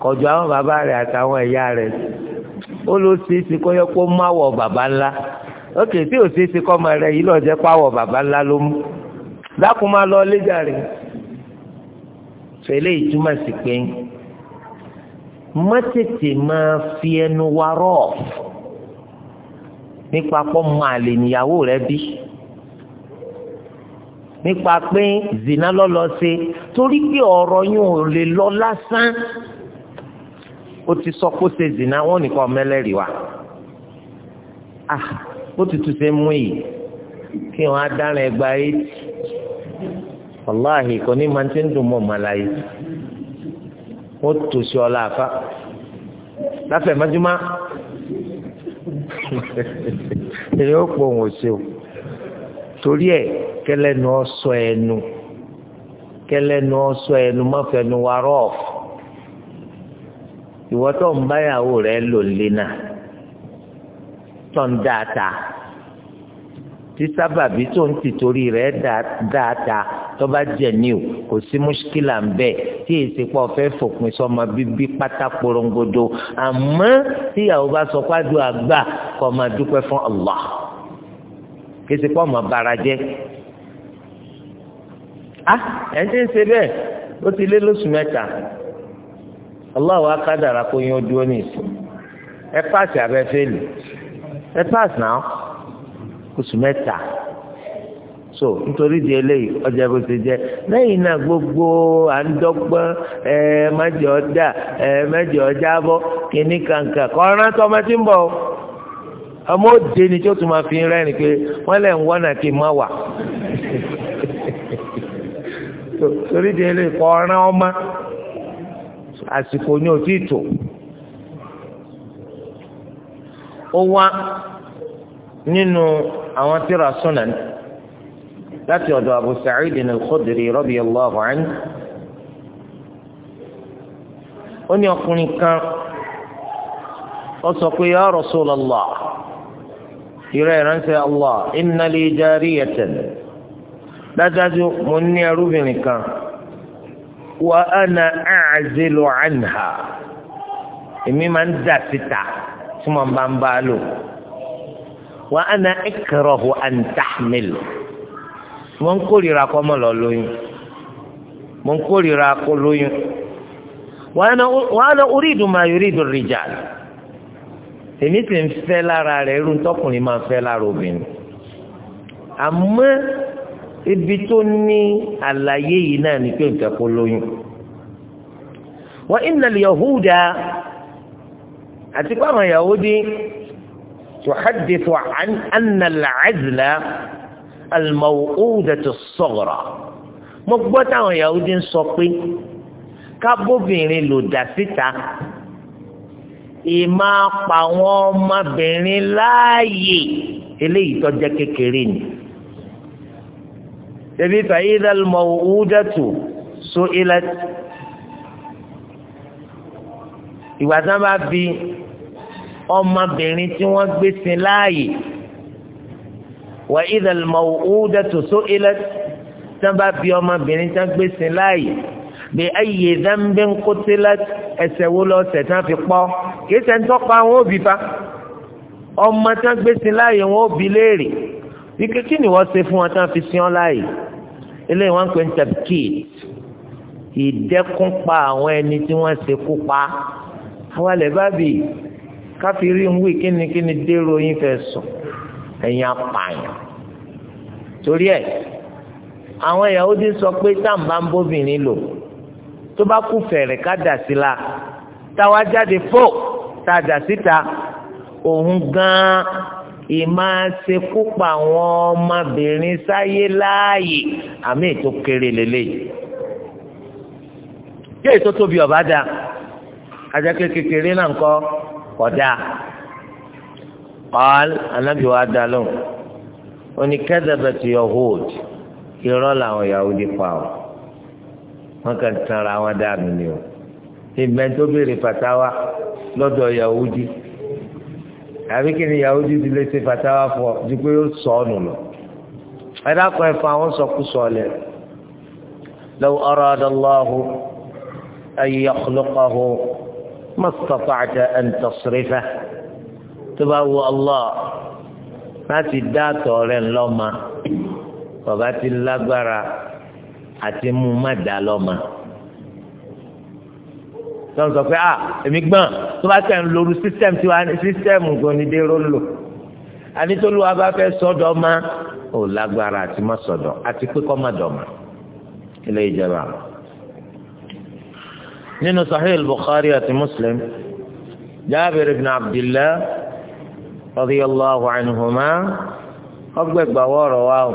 kọjú àwọn bàbá rẹ̀ àtàwọn ẹ̀yà rẹ̀ ó ló ṣe é ṣe kó yẹ kó má wọ bàbá ńlá ókè tí ò ṣe é ṣe kọ́ ọmọ rẹ̀ yìí lọ́ọ́ jẹ́ pàwọ̀ bàbá ńlá ló mú dákun má lọ léjà rẹ̀ fẹlẹ ìtumọ̀ sí pé mọ́tètè máa fi ẹnu wa rọ̀ nípa pọ́ máa lè níyàwó rẹ bí nípa pé zina lọ́lọ́ ṣe torí pé ọ̀rọ̀ yín ò lè lọ lásán ó ti sọ pé ó ṣe zina wọn nìkan mẹ́lẹ́rìí wa ah ó ti tún ṣe mú yìí kí wọn á dára ẹgbàá yìí wàláhì kò ní máa ti ń dùn mọ́ màláyé wọ́n tò sí ọlá àfa láfẹ̀ mọ́júmọ́ èyí ó pọ̀ òun ò ṣe o torí ẹ̀ kẹlẹ́nu ọ̀sọ ẹnu kẹlẹ́nu ọ̀sọ ẹnu mọ́fẹ́nu wa rọ́ọ̀f ìwọ tó ń báyàwó rẹ lò lé náà tó ń dáa ta tí sábàbí tó ń tìtorí rẹ dáa tó bá jẹ ní o kò sí mùṣkílà ń bẹ tí èsì pọ̀ fẹ́ fòpin sọmọ bíbí pátá porongodo àmọ́ tíyàwó bá sọ pé àdúrà gbà kọ́ máa dúpẹ́ fún Allah kí èsì pọ̀ mọ́ bara jẹ́ ah ẹ̀ ń tí ń ṣe bẹ́ẹ̀ ó ti lé lóṣù mẹ́ta Allah wa kádàrá kó yín ó dúró ní ìsìn ẹ páàsì abẹ́ fẹ́lì ẹ páàsì náà oṣù mẹ́ta so nítorí di eléyìí ọjà bó jẹ lẹyìn náà gbogbo à ń dọ́gbọ́n ẹ mẹ́jọ dà kankan tó ọmọ tí ń ọmọ òde ni tó tún máa fi rẹ́rìn pé wọ́n lẹ̀ ń kí n má wà torí di eléyìí ọmọ àsìkò tò ó wá nínú ni. تأتي وضع أبو سعيد الخدري رضي الله عنه أن يقول لك أصدقوا يا رسول الله يرى أن الله إن لي جارية لا تجو من يروفنك وأنا أعزل عنها إمي من ذاتتا ثم من بالو وأنا أكره أن تحمل mo ń kórìíra kọ́ mọ́ lọ lóyún mo ń kórìíra kó lóyún wàá lọ orí ìdùnmọ̀ ayò orí ìdùn rìjà èmi sì ń fẹ́ lára rẹ̀ irú tọkùnrin máa ń fẹ́ lára obìnrin àmọ́ ibi tó ní àlàyé yìí náà ni pé nǹkan kó lóyún wa innal yahuda àti pé yahudi tuhadithu an anna al-azla al-maw'udatu as-sughra mo gbọ́ táwọn yahudi ń sọ pé kábóbìnrin lò dá síta ìmá pa àwọn ọmọbìnrin láàyè eléyìí tó jẹ́ kékeré ni ebi fa'idha al-maw'udatu su'ilat ìwà sábà bí ọmọbìnrin tí wọ́n gbé sin láàyè wà idhal maw'udatu su'ilat tán bá bí ọmọbìnrin tán gbé sin láàyè bí ayyi dhanbin qutilat ẹ̀ṣẹ̀ wo lọ ṣẹ̀ tán fi pọ̀ kìí ṣe ń tọ́pa àwọn òbí fa ọmọ tán gbé sin láàyè wọn òbí léèrè bí kí ni wọ́n ṣe fún wọn tán fi sin ọ́ láàyè eléyìí wọ́n ń pè ní tabkid ìdẹ́kùn pa àwọn ẹni tí wọ́n ṣe kú pa àwọn àlẹ́ bá ń wí kíni kíni dérò yín fẹ́ sùn ẹ̀yin apààyàn torí ẹ̀ àwọn Yahudi sọ pé táǹbà ń bóbìnrin lò tó bá kú fẹ̀rẹ̀ ká dà sí la táwa jáde fò tá a dà síta òun gan-an ìmáṣekúpa àwọn ọmọbìnrin sáyé láàyè àmì ètò kéré lélẹ́yìí yóò tó tóbi ọ̀bá da ajá kékeré náà ń kọ́ kọ̀dá قال anabi wa dalóhùn oní kadhabati yahud irọ́ làwọn yahudi pa ọ́ wọn kàn tanra wọn dànù ni o ìgbẹ́ni tó béèrè fatawa lọ́dọ̀ yahudi àbí kí ni yahudi ti lè ṣe fatawa fún ọ ju pé ó sọ ọ́ nù lọ ẹ dákun ẹ fa àwọn sọkúsọ lẹ law arada Allahu an yakhluqahu ma istata'ta an tasrifahu tó bá wù Allah láti dá àtọ̀ rẹ̀ ńlọ́mà bàbá ti lágbára àti mú má dá lọ́mà tọ́n sọ pé à ah, èmi gbọ́n tó bá tẹ̀ ń lóru sísẹ́m tí wàá ní sísẹ́m gbòǹdé rólò ànítólúwa bá fẹ́ sọ́dọ̀ ma ò lágbára àti má sọ̀dọ̀ àti pé kọ́ má dọ̀mà ilé ìjọba. nínú Sahih bukhari àti Muslim Jabir ibn Abdillah. رضي الله عنهما wọrọ wa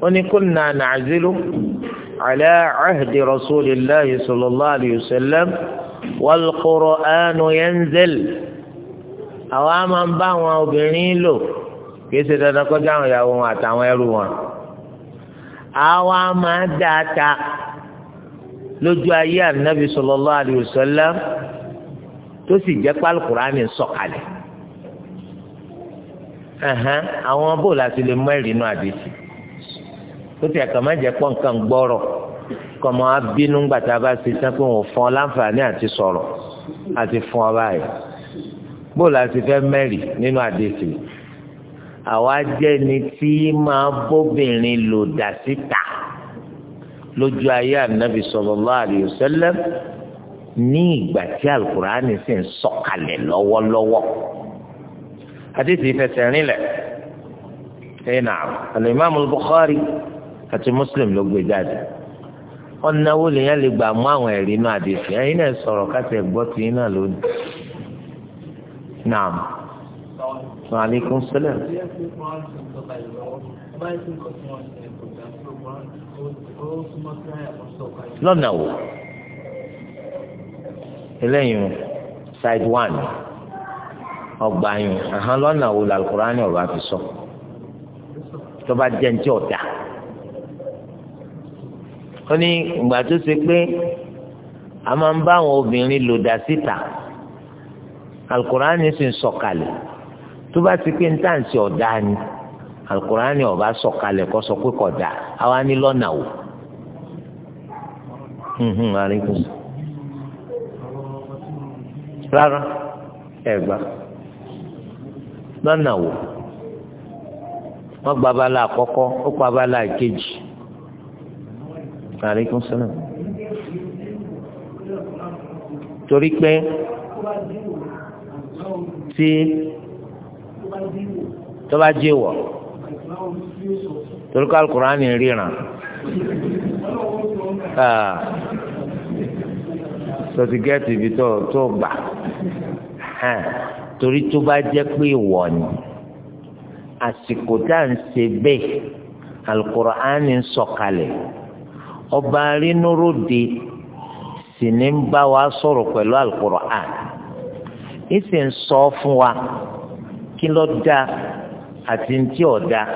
o ó على عهد رسول الله صلى الله عليه وسلم والقرآن ينزل wal qur'anu yanzil àwọn a máa ń bá àwọn obìnrin lò kì í ṣe dandan kọjá àwọn ìyàwó wọn àtàwọn ẹrú wọn àwa máa dáa lójú ayé ànábì sallallahu alayhi tó sì jẹ́ pálukùránì sọ̀kalẹ̀ ẹ̀hán àwọn bóòlù àti lè mú ẹ̀rí inú àdìsí ó ti ẹ̀ka má jẹ́ pọ̀ nǹkan gbọ́rọ̀ kọ́ mọ́ abínú gbàtà bá ti tán pé òun fún ọ láǹfààní àti sọ̀rọ̀ àti fún ọ báyìí bóòlù àti fẹ́ mẹ́rì nínú àdìsí àwa jẹ́ ni tí máa bóbìnrin lò dà síta lójú ayé ànábì sallallahu alaihi wasallam ní ìgbà tí alukur'ani sì ń sọ̀kalẹ̀ lọ́wọ́lọ́wọ́ àdìsí fẹsẹ̀ rinlẹ̀ ṣe nà alimami Bukhari àti Muslim ló gbé jáde ọ̀nà wo lèyàn lè gbà mú àwọn ẹ̀rí náà àdìsí ẹ̀yin náà sọ̀rọ̀ kásẹ̀ gbọ́ ti yín lónìí naam wa aleykum salaam. lọ́nà wo eléyìí side one. ọgbà yín àhán lọ́nà wo làlùkùránì ọ̀rọ̀ àfi sọ tó bá jẹ́ ní tí ọ̀dà ó ní ìgbà tó ṣe pé a máa ń bá àwọn obìnrin lò dá síta alukurani sì ń sọ̀kalẹ̀ tó bá ti pé ntáǹsì ọ̀dà ni alukurani ọba sọ̀kalẹ̀ kó sọ pé lọ́nà wò wọ́n gba abala àkọ́kọ́ ó kọ́ abala ìkejì àríkún sọ́nà torí pé tí tó bá jẹ́ wọ̀ torí ká Al-Kùránì ríran ah. sọtì gẹ́ẹ̀tì tó gbà torí tó bá jẹ́ pé ìwọ ni àsìkò tá à ń ṣe bẹ́ẹ̀ alukur'ani ń sọ̀kalẹ̀ ọba arínúròde sì ní ń bá wa sọ̀rọ̀ pẹ̀lú alukur'an ń sì ń sọ fún wa kí ló dáa àti ntí ò dáa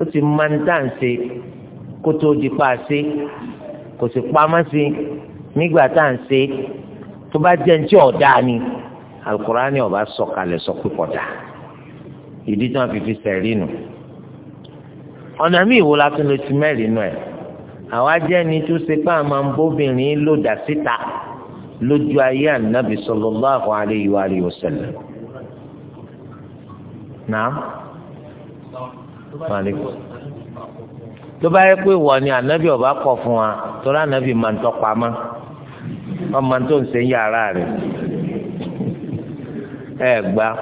ó ti máa ń tà ń ṣe kó di pa ṣe kò sì pamọ́ sí nígbà tá à ń tó bá jẹ́ ntí ò dáa ni alukurani ọba sọ̀kalẹ̀ sọ pé kódà ìdí tí wọn fi fi sẹrí nù ọ̀nà mi ìwo la tún lè ti mẹ́rin nù ẹ̀ àwa jẹ́ ni tó ṣe pé àwọn àbóbìnrin ló dà síta lójú ayé ànábì sallallahu alayhi wa alihi wa sallam. Naam. tó bá yẹ pé wọ́n ni ànábì ọba kọ̀ fún wa torí ànábì máa ń tọ́ pamọ́ ọmọ tó ń ṣe yàrá rẹ̀ ẹ gbá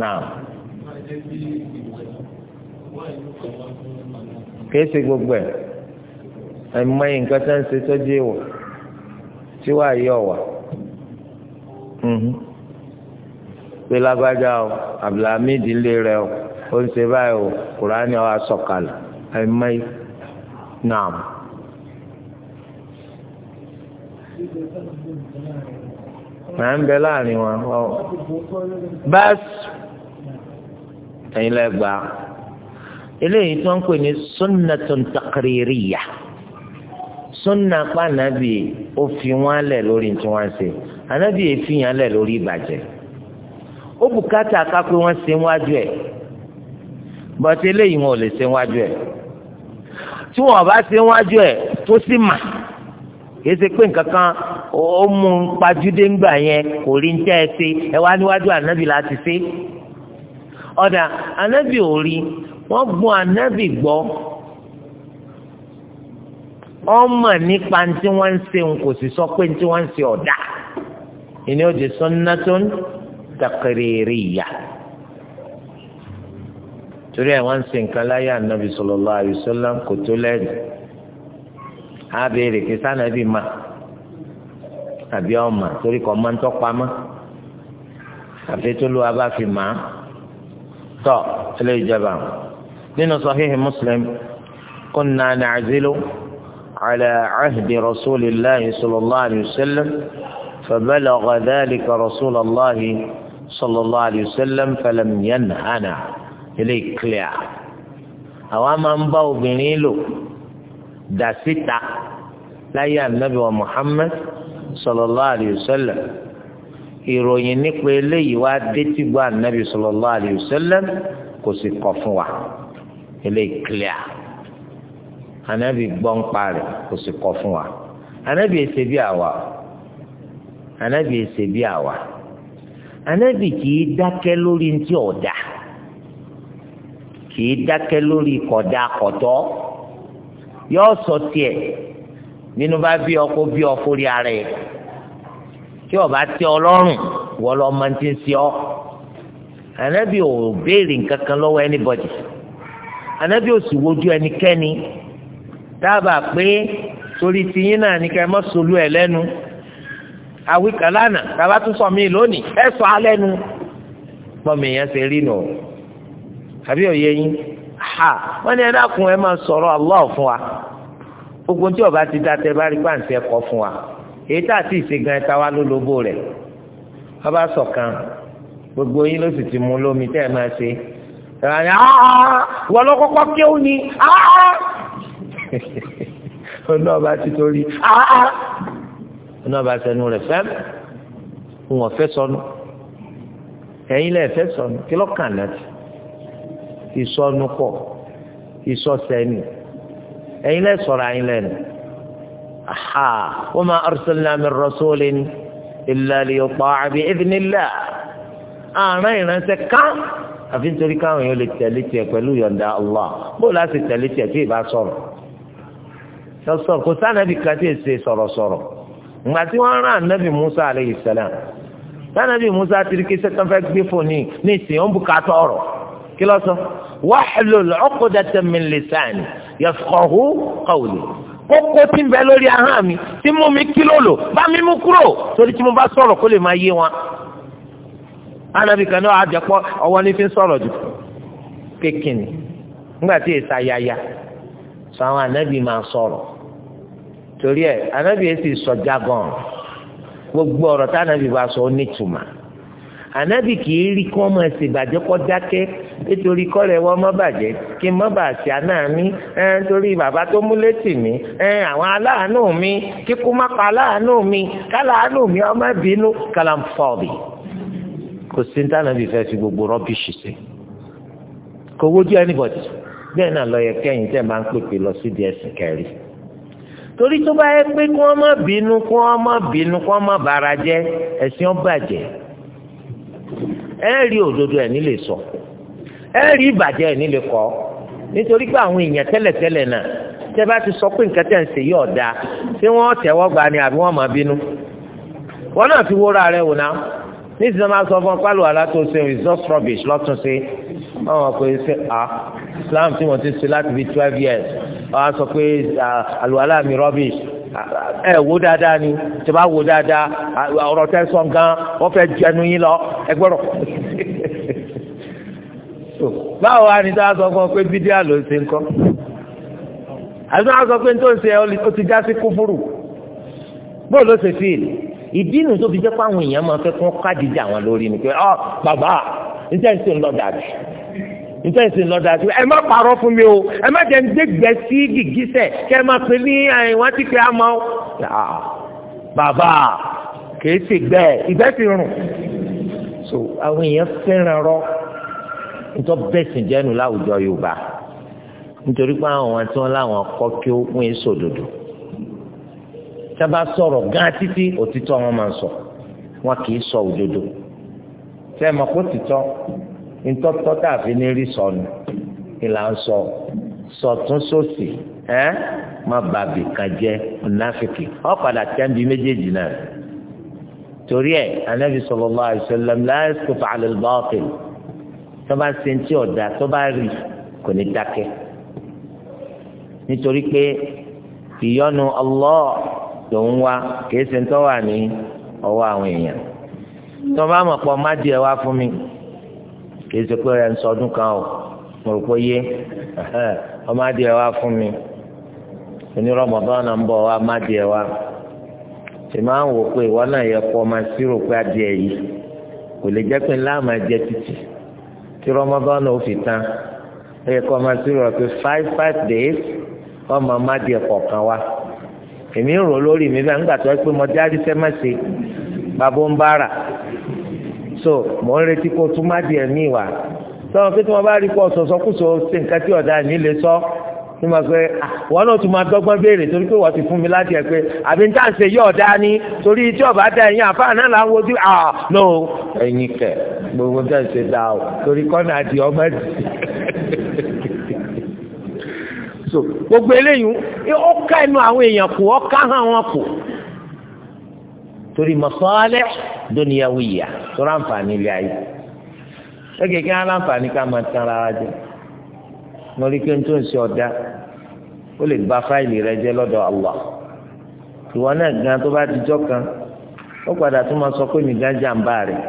náà kìí ṣe gbogbo ẹ ẹmọ yìí nǹkan tó ń ṣe tọ́jú ìwọ tí wàá yọ wà mhm. pé lágbájá o abdulhamid ilé rẹ o ó ń ṣe báyìí o kùránì ọ asọ̀kalẹ̀ ẹmọ náà màá ń bẹ láàrin wọn ọ báàsì ẹ̀yin lẹ́gbàá eléyìí tó ń pè ní sunnatun takririya sunna pa anabi ó fi wọn lẹ̀ lórí tí wọ́n ṣe anabi èéfì yẹn lẹ̀ lórí ìbàjẹ́ ó bùkátà ká pé wọ́n ṣe wájú ẹ̀ bọ́tí eléyìí wọn ò lè ṣe wájú ẹ̀ tí wọn bá ṣe wájú ẹ̀ tó sì mà kì í ṣe pé nǹkan kan ó mú un pajúdé ńgbà yẹn kò rí ń ẹ ṣe ẹ wá níwájú ànábì láti ṣe ọ̀dà ànábì ò rí wọ́n gbọ́n ànábì gbọ́ ọmọ nípa tí wọ́n ń ṣe kò sì sọ pé tí wọ́n ń ṣe ọ̀dà ìní ó di sunnatun taqririyya torí ẹ̀ wọ́n ń ṣe nǹkan láyé ànábì kò tó kí tàbí ọmọ torí kọ́ máa ń tọ́pamọ́ àfi tó lu abá fi mà á tọ́ ilé ìjọba nínú sahih muslim kunna na'zilu ala ahdi rasulillahi sallallahu alayhi wa sallam fabalagha dhalika rasulallahi sallallahu alayhi wa sallam falam yanhana ilé ìkìlẹ̀ àwa máa ń bá obìnrin lò dà síta láyé ànábì wa muhammad sallallahu alayhi wa sallam ìròyìn nípa eléyìí wá dé tí gbọ́ ànábì sallallahu alayhi wa sallam kò sì kọ̀ fún wa eléyìí clear ànábì gbọ́ ń parí kò sì kọ̀ fún wa ànábì èsè bí àwa ànábì èsè bí àwa ànábì kì dákẹ́ lórí ntí ọ̀dà kì dákẹ́ lórí kọ̀dá kọ̀tọ́ yọ sọ tiẹ̀ nínú bá bí ọkọ bí ọkọ rí ara yẹ tí ọba tẹ ọlọ́run wọ́n lọ máa ti ń ṣe ọ́ ànábì ò béèrè nǹkan kan lọ́wọ́ anybody ànábì ò sì wojú ẹnikẹ́ni dábàá pé torí tiyín náà ní ká ẹ má solú ẹ lẹ́nu àwíkà lánàá tàbá tún sọ mí lónìí ẹ sọ alẹ́ nu pọ́nmi èèyàn ṣe rí nù àbí òye yín ha wọ́n ní ẹ dákun ẹ máa sọ̀rọ̀ Allah fún wa ogun tí ọba ti da tẹ bá rí pàǹtí ẹkọ fún wa èyí tá a ti ṣe gan ẹta wa ló lóbó rẹ ọba sọkan gbogbo yín ló sì ti mú lómi tẹ ẹ máa ṣe ẹ̀rọ ni wọ́n lọ kọ́kọ́ kí ó ní ọ̀nà ọba ti torí ọ̀nà ọba sẹnu rẹ̀ fẹ́ wọn fẹ́ sọnù ẹ̀yin lẹ̀ fẹ́ sọnù kí lọ́kàn náà ti ìsọnù pọ̀ ìsọsẹ́ni ẹ̀yin lẹ sọ̀rọ̀ ẹ̀yin lẹ́nu aha wa ma arsalna min rasulin illa liyuta'a bi idhnillah àárín ìránṣẹ́ ká àfi nítorí káwọn èèyàn lè tẹ̀lé tiẹ̀ pẹ̀lú yọ̀ǹda Allah bó láti tẹ̀lé tiẹ̀ tí ì bá sọ̀rọ̀ sọ̀rọ̀ kò sànàbì kan tí ì ṣe sọ̀rọ̀sọ̀rọ̀ ìgbà tí wọ́n rán ànábì Musa alayhi salam sànàbì Musa tirikí sẹ́kànfẹ́ gbé fòní ní ìsìn ó ń bùkátà ọ̀rọ̀ kí ló sọ wahlul uqdatan min lisani yafqahu qawli kókó tí ń bẹ lórí ahọ́n mi tí mú mi kí lòlò bá mi mú kúrò torí tí mo bá sọ̀rọ̀ kó lè máa yé wọn. anabi kan náà àjẹpọ̀ ọwọ́ ní fi ń sọ̀rọ̀ jù kékinni nígbà tí èsì ayaya sọ àwọn anabi máa sọ̀rọ̀ torí ẹ anabi yẹn sì sọ jágọ̀n gbogbo ọ̀rọ̀ tí anabi bá sọ ó nítumọ̀ ànábì kì í rí kí wọ́n máa ṣèbàjẹ́ kọ́ dákẹ́ nítorí kọ́rẹ́ wọn má bàjẹ́ kí má bàa ṣe àná mi nítorí bàbá tó mú létí mi àwọn aláàánú mi kíkú má pa aláàánú mi káláàánú mi ọmọ bínú kàlàǹfọ̀ọ̀bì kò sí ní tànàbì fẹ́ fi gbogbo rọ́bìṣì sí kò wójú anybody bẹ́ẹ̀ náà lọ yẹ kẹ́yìn tẹ́ máa ń pèpè lọ sí di ẹ̀sìn kẹrì torí tó bá yẹ pé kí wọ́n má bínú kí wọ́n má bínú kí wọ́n má bàrà jẹ́ ẹ̀sìn ó ẹ rí òdodo ẹ̀ nílé sọ ẹ rí ìbàjẹ́ ẹ̀ nílé kọ́ nítorí pé àwọn èèyàn tẹ́lẹ̀tẹ́lẹ̀ náà tẹ́ bá ti sọ pé nǹkan tẹ̀ ń ṣe yí ọ̀dà tí wọ́n tẹ̀wọ́ gbà ni àbí wọ́n máa bínú wọn náà fi wóra rẹ wò náà nísìnyí máa sọ fún pálọ̀ alátòsí resource rubbish lọ́tún sí báwọn pé ṣe à ah, Islam tí wọ́n ti ṣe láti fi twelve years wọ́n á sọ pé ah, àlùwalá mi rubbish ẹ wo dáadáa ni tí bá wo dáadáa ọ̀rọ̀ tẹ́ sọ gan wọ́n fẹ́ jẹnu yín lọ ẹ gbọ́dọ̀ báwo wá ní sáà sọ fún ọ pé bídíà ló ń ṣe ń kọ́ àti sáà sọ pé tó ń ṣe ó ti já sí kúfúrú bó ló ṣe fíìlì ìdí nu tó fi jẹ́ pé àwọn èèyàn máa fẹ́ kó kádìjà wọn lórí ni pé ọ bàbá níta ń ṣe ń lọ dàbí nítorí ìsìn lọ́dà tí ẹ má parọ́ fún mi o ẹ má jẹ́ ń dégbẹ́ sí gìgísẹ̀ kẹ́ ẹ má pè ní àìwọ́n ti pè á bàbá kìí sì gbẹ ìgbẹ́ ti rùn so àwọn èèyàn fẹ́ràn rọ nítorí bẹ́sìn jẹ́nu láwùjọ Yorùbá nítorí pé àwọn tí wọ́n láwọn kọ́ kí ó pín sòdòdò sábà sọ̀rọ̀ gan títí òtítọ́ wọn máa ń sọ wọn kì í sọ òdodo tẹ́ ẹ mọ̀ pé òtítọ́ ntọ́tọ́ tá a fi ní rí sọnù ìlà ń sọ sọtún sósì ẹ má bàbí kan jẹ mùnáfìkì ọ padà tẹ́ǹbì méjèèjì náà torí ẹ anabi sallallahu alaihi wasallam la yasqutu ala al-batil tó bá ṣe ń tí ọ̀dà tó bá rí kò ní dákẹ́ nítorí pé ìyọ́nú Allah ló ń wá kìí ṣe wà ní ọwọ́ àwọn èèyàn tó bá mọ̀ pọ̀ má di wá fún mi. kì í ṣe pé ń kan o mo rò yé ọmọ adìẹ wa fún mi onírọ̀mọ̀bá náà ń bọ̀ wá adìẹ wa ṣe máa ń wò pé ìwọ náà yẹ kó ọmọ sírò pé adìẹ yìí kò lè jẹ́ pé ńlá máa jẹ títì tí rọmọbá náà ó fi tán ó yẹ kó ọmọ pé five five days ọmọ wa èmi ń lórí mi bẹ́ẹ̀ tó ẹ pé mo so mò ń retí kó tún má di ẹ̀mí wa tí wọ́n bá rí pọ̀ sọ̀sọ́kùsọ ṣe nǹkan tí ọ̀dà ní lè sọ ní ma pé ah, wọn náà tún máa dọ́gbọ́n torí pé wọ́n ti fún mi láti ẹ̀ àbí yí ọ̀dà torí tí da ẹ̀yìn àfáà náà là ń wojú à ah, no ẹ̀yìn gbogbo torí kọ́nà àti ọmọ ẹ̀dì [LAUGHS] so gbogbo eléyìí ó ká ẹnu àwọn torí masalih dunyawiyya torí àǹfààní ilé ayé ó kékeré aláǹfààní ká máa tán ara jẹ mo rí kí n tó ń ṣe ọ̀dà ó lè gba fáìlì rẹ jẹ lọ́dọ̀ Allah ìwọ náà gan tó bá ti jọ́ kan ó padà tún máa sọ pé mi gan jàǹbá rẹ̀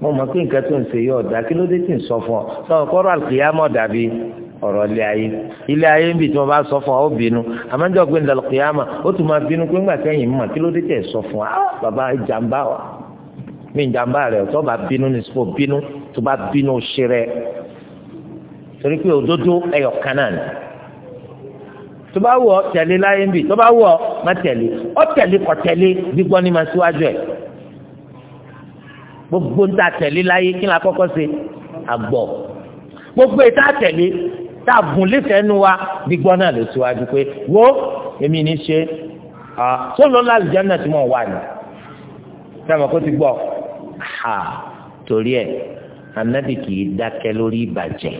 mo mọ̀ pé nǹkan tó ń ṣe yọ ọ̀dà kí ló dé tí ń sọ fún ọ sọ ọ̀kọ́rọ̀ àlùkìyàmọ̀ dàbí ọ̀rọ̀ ilé ayé ilé ayé ń bì tí wọ́n bá sọ fún ọ ó bínú àmọ́jọ́ pé ndàlù kìyàmà ó tún máa bínú pé ńgbà sẹ́yìn mọ̀ kí ló dé tẹ̀ sọ fún wa ah, bàbá ìjàmbá wa mí ìjàmbá rẹ̀ tó bá bínú ní sọ bínú tó bá bínú ṣe rẹ̀ torí pé òdodo ẹ̀yọ̀ kan ni tó bá wọ̀ tẹ̀lé láyé ń bì tó bá wọ̀ má tẹ̀lé ọ tẹ̀lé kọ tẹ̀lé gbígbọ́ ní ma síwájú ẹ̀ gbogbo ń ta tẹ̀lé láyé kí ni akọ́kọ́ ṣe àgbọ̀ gbogbo ìta tẹ̀lé tá a gùn lẹ́fẹ̀ẹ́ nu wa gbígbọ́ náà ló síwájú pé wo èmi ní ṣe tó lọ láti jẹ́ náà tí wọ́n wà ní sábà kó ti gbọ́ ha torí ẹ̀ anabi kì í dákẹ́ lórí ìbàjẹ́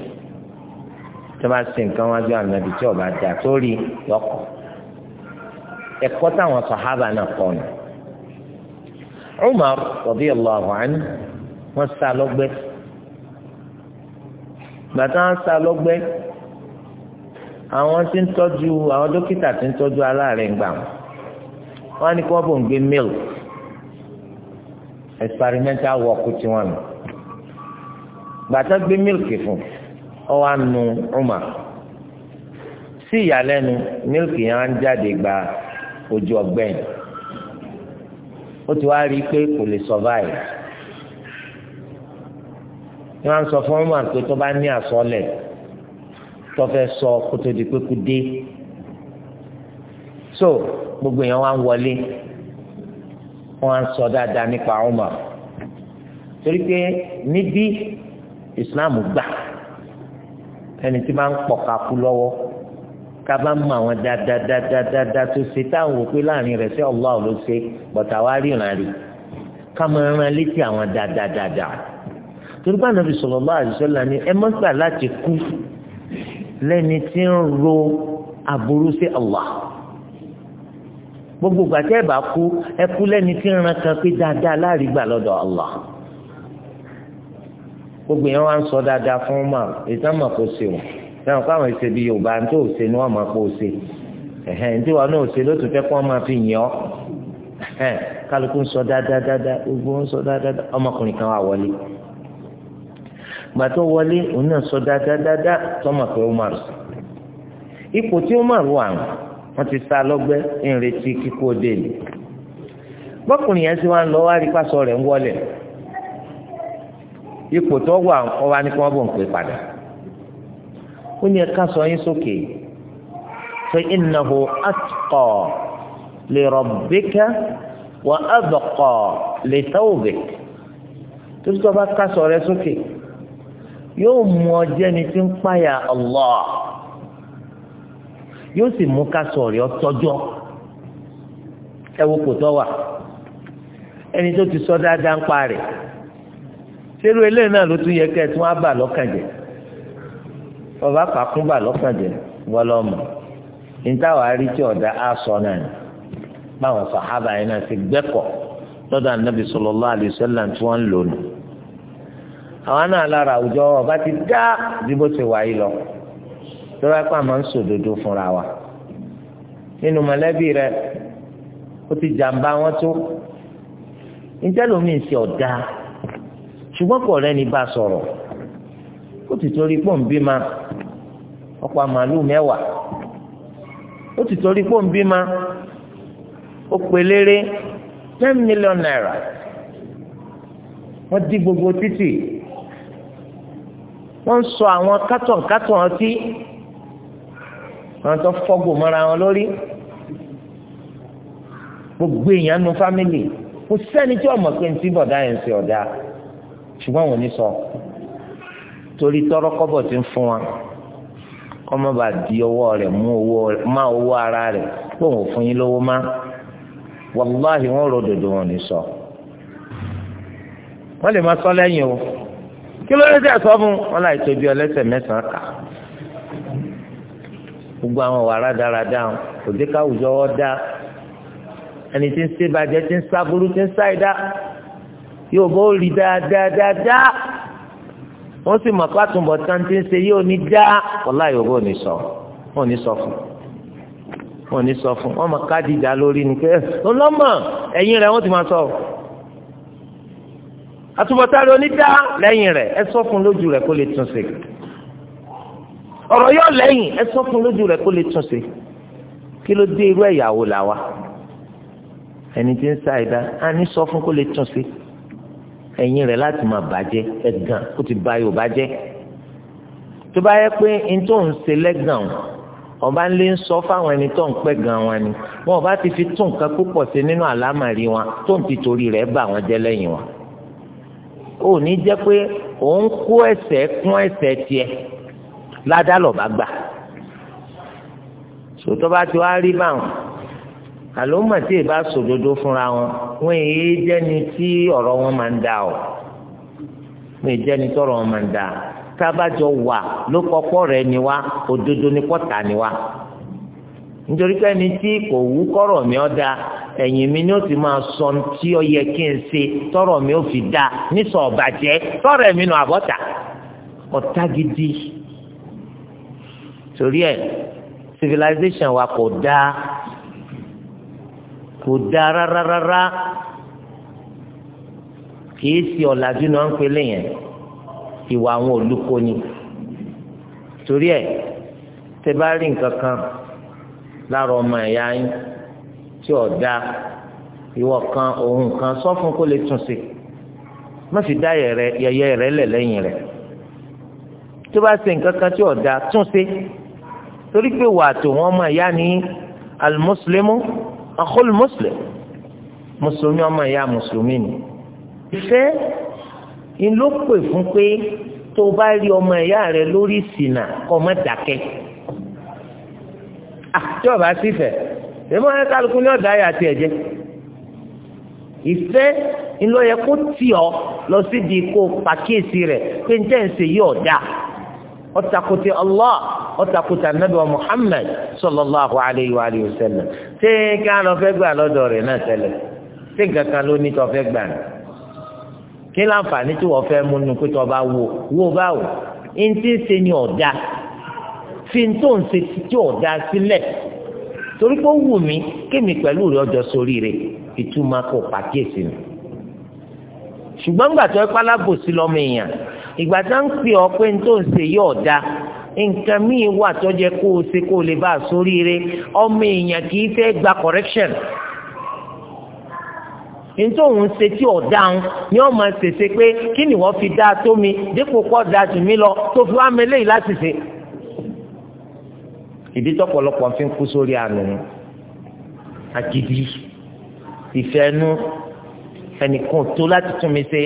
tó bá ṣe nǹkan wájú anabi tí ọba dà sórí lọ́kọ̀ ẹ̀kọ́ táwọn sàhábà náà kọ́ ni Umar radiyallahu anhu wọ́n sá lọ́gbẹ́sì gbàtà ń sa lọ́gbẹ́ àwọn tí ń tọ́jú àwọn dókítà tí ń tọ́jú aláàárẹ̀ ń gbà wọ́n wọ́n á ní kí wọ́n bò ń gbé milk experimental work tí wọ́n nù gbàtà gbé milk fún ọ wá nu ọmọ sí ìyàlẹ́nu milk yẹn á ń jáde gba ojú ọgbẹ́ yìí ó ti wá rí i pé kò lè survive ni wọ́n sọ fún ọmọ àti tó bá ní àsọlẹ̀ tó fẹ́ sọ kó di pé kú dé so gbogbo èèyàn wá ń wọlé wọ́n á sọ dáadáa nípa ọmọ torí pé níbí Islam gbà ẹni tí máa ń pọ̀ kakú lọ́wọ́ ká bá mọ àwọn dáadáa tó ṣe táwọn wò láàrin rẹ̀ sí Allah ló ṣe bọ̀tà wá ríran rí ká máa rán létí àwọn dáadáa torípa nàbì sallallahu alaihi wasallam ni ẹ má gbà láti kú lẹ́ni tí ń ro aburú sí Allah gbogbo gbàtẹ́ ẹ̀ bá kú ẹ kú lẹ́ni tí ń ran kan pé dáadáa láàrin gbà lọ́dọ̀ Allah gbogbo yẹn wá ń sọ dáadáa fún ọmọ ìtàn mọ̀ kó ṣe o sẹ́wọ̀n káwọn ẹ̀ṣẹ̀ bíi yorùbá ń tó ṣe ni wọ́n máa kó ṣe ẹ̀hẹ́n tí wọn náà ṣe ló tún kó wọn máa fi yàn ọ́ kálukú ń sọ dáadáa gbogbo ń sọ dáadáa ọmọkùnrin kan wà wọlé gbàtọ́ wọlé òun náà sọ dáadáa tọmọ pé Umar sí ipò tí Umar wà wọn ti sá lọ́gbẹ́ ń retí kíkó dé ni bọ́kùnrin yẹn ti wá ń lọ wá rí pásọ rẹ̀ ń wọlé ipò tó wà ọ wá ní kí wọ́n bò ń pè padà ó ní ẹ̀ka sọ yín sókè fa innahu atqa li rabbika wa abqa li thawbik tó ti tọ́ bá ká sọ rẹ̀ sókè. yóò mú ọ jẹ́ni tí ń páyà Allah yóò sì mú ká sọ̀rọ̀ ẹni tó ti sọ dáadáa ń pa rẹ̀ sẹ́rù eléyìí náà ló tún yẹ kẹ́ ẹ tún bà lọ́kàn jẹ́ bàbá kàkún bà lọ́kàn jẹ́ wọlọ́mọ nítawọ̀ àríkí ọ̀dà aṣọ náà ni báwọn sàhábà yẹn náà ti gbẹkọ lọdọ lò nù. àwọn náà lára àwùjọ ọba ti dá bí bó ṣe wà lọ lọ́wọ́ ẹ̀kọ́ àmọ́ ń sòdodo fúnra wa nínú mọ̀lẹ́bí rẹ ó ti jàǹbá wọn tó níjẹ́ lómi ìṣe ọ̀dà ṣùgbọ́n pọ̀ rẹ́ni bá sọ̀rọ̀ ó ti torí pọ̀ ń bímọ ọ̀pọ̀ màlúù mẹ́wàá ó ti torí pọ̀ ń bímọ ó pelére ten million naira wọ́n di gbogbo títì wọ́n ń sọ àwọn kátọ̀nkátọ̀n ọtí àwọn tó fọ́gbò mọ́ra wọn lórí gbogbo èèyàn nu fámìlì kò sẹ́ni tí ọmọ pé ń tí bọ̀dá yẹn ń ṣe ọ̀dà ṣùgbọ́n wọn ò ní sọ torí tọrọ kọ́bọ̀ ti ń fún wa kọ́mọ bá di ọwọ́ rẹ̀ mú owó má owó ara rẹ̀ pé òun ò fún yín lówó má wàláhì wọn rò dòdò wọn ò ní sọ wọ́n lè má sọ lẹ́yìn o kí ló dé tẹ̀ sọ fún wọn láì tóbi ọlẹ́sẹ̀ mẹ́sàn-án kà gbogbo àwọn wàrà dáradá kò dé káwùjọ ọ dá ẹni tí ń ṣe bàjẹ́ tí ń sá burú tí ń sá ìdá yóò bó rí dáadáa dáadáa wọ́n sì mọ̀ pátùnbọ̀ tán tí ń ṣe yóò ní dá ọ̀la yóò bó ní sọ wọn ò ní sọ fún wọn ò ní sọ fún wọn mọ̀ káàdì ìdá lórí ni pé ọlọ́mọ ẹ̀yìn rẹ̀ wọ́n ti máa sọ àtúbọ̀tá rẹ onídá lẹ́yìn rẹ̀ ẹ sọ fún lójú rẹ̀ kó lè tún ṣe ọ̀rọ̀ yọ lẹ́yìn ẹ sọ fún lójú rẹ̀ kó lè tún ṣe kí ló dé irú ẹ̀yàwó làwa ẹni tí ń sa ìdá a ní sọ fún kó lè tún ṣe ẹ̀yìn rẹ̀ láti máa bàjẹ́ ẹ̀gàn ó ti ba yóò bàjẹ́ tó bá yẹ pé n tó ń ṣe lẹ́gàn ọba ń lé ń sọ fáwọn ẹni tó ń pẹ́ gan wọn ni wọn ò bá ti fi tún nǹkan púpọ̀ sí nínú àlámàrí wọn tó ń ti torí rẹ̀ bà wọ́n jẹ́ lẹ́yìn wọn ò ní jẹ́ pé òun kó ẹsẹ̀ kún ẹsẹ̀ tiẹ̀ ládàá lọ́ba gbà sòtọ́ bá ti wá rí báwọn àlòmọ̀ tí ì bá sòdodo fúnra wọn wọn èyí jẹ́ni tí ọ̀rọ̀ wọn máa ń da ọ̀ wọn èyí jẹ́ni tí ọ̀rọ̀ wọn máa ń da tábàjọ wà ló kọ́kọ́ rẹ̀ ni wá òdodo ni kọ́ta ni wá nítorí pé ẹni tí kò wú kọ́rọ̀ mi ọ́ da ẹ̀yìn mi ni ó ti máa sọ tí ó yẹ kí n ṣe tọ́rọ̀ mi ó fi da nísọ ọ̀bàjẹ́ tọ́rọ̀ ẹ̀mí nù àbọ̀tà ọ̀tá gidi torí ẹ̀ civilization wa kò dáa kò dáa rárárárá kìí ṣe ọ̀làjú náà ń pelé yẹn ìwà àwọn olùkọ́ni torí ẹ̀ tẹ nǹkan kan lára ọmọ ẹ̀yà yín tí ọ̀dà ìwọ kan òun kan sọ fún kó lè tún sí má fi dá yẹyẹ rẹ lẹ̀ lẹ́yìn rẹ̀ tó bá ṣe nǹkan kan tí ọ̀dà tún ṣe torí pé wà tòun ọmọ ìyá ni alimuslimu akhul mùsùlùmí ọmọ ìyá mùsùlùmí ni. ìfẹ́ ń pè fún pé tó bá rí ọmọ ìyá rẹ lórí ìsìnà kọ́ mọ́ dákẹ́. Ah, tí ọba sì fẹ́ èmi wọn kálukú ní ọ̀dà ayé àti ẹ̀jẹ̀ ìfẹ́ ńlọ yẹ kó tì ọ lọ sí di kó pàkíyèsí rẹ̀ pé njẹ́ ń ṣe yí ọ̀dà ọ̀tàkùtì Allah ọ̀tàkùtì anabi wa Muhammad sallallahu alayhi wa alihi wa sallam ṣé ká lọ fẹ́ gbà lọ́dọ̀ rẹ̀ náà tẹ́lẹ̀ ṣé nǹkan ló ní tó fẹ́ gbà ní kí láǹfààní tí wọ́n fẹ́ múnú pé tó bá wo wo báwo ntí ń ṣe ni ọ̀dà fi tó ń ṣe tí ò dá sílẹ̀ torí pé ó wù mí kémi pẹ̀lú rẹ̀ ọjọ́ sórí rẹ̀ ìtumọ̀ kò pàkíyèsí mi ṣùgbọ́n gbà tó ẹ pálábòsí lọ́mọ èèyàn ìgbà tá ń pè ọ́ pé tó ń ṣe yóò dá nǹkan míì wà tó jẹ kó o ṣe kó o lè bá a sórí rẹ̀ ọmọ èèyàn kì í fẹ́ gba correction nítorí òun ṣe tí ọ̀daràn ni wọ́n máa ṣèṣe pé kí ni wọ́n fi dá tó mi dípò pọ̀ dá jù mí lọ tó fi wá mẹ́lẹ́yìí láti ṣe ìdí tọ́pọ̀lọpọ̀ fi ń kú sórí àná agidi ìfẹ́nu ẹnìkan tó láti tún mi ṣe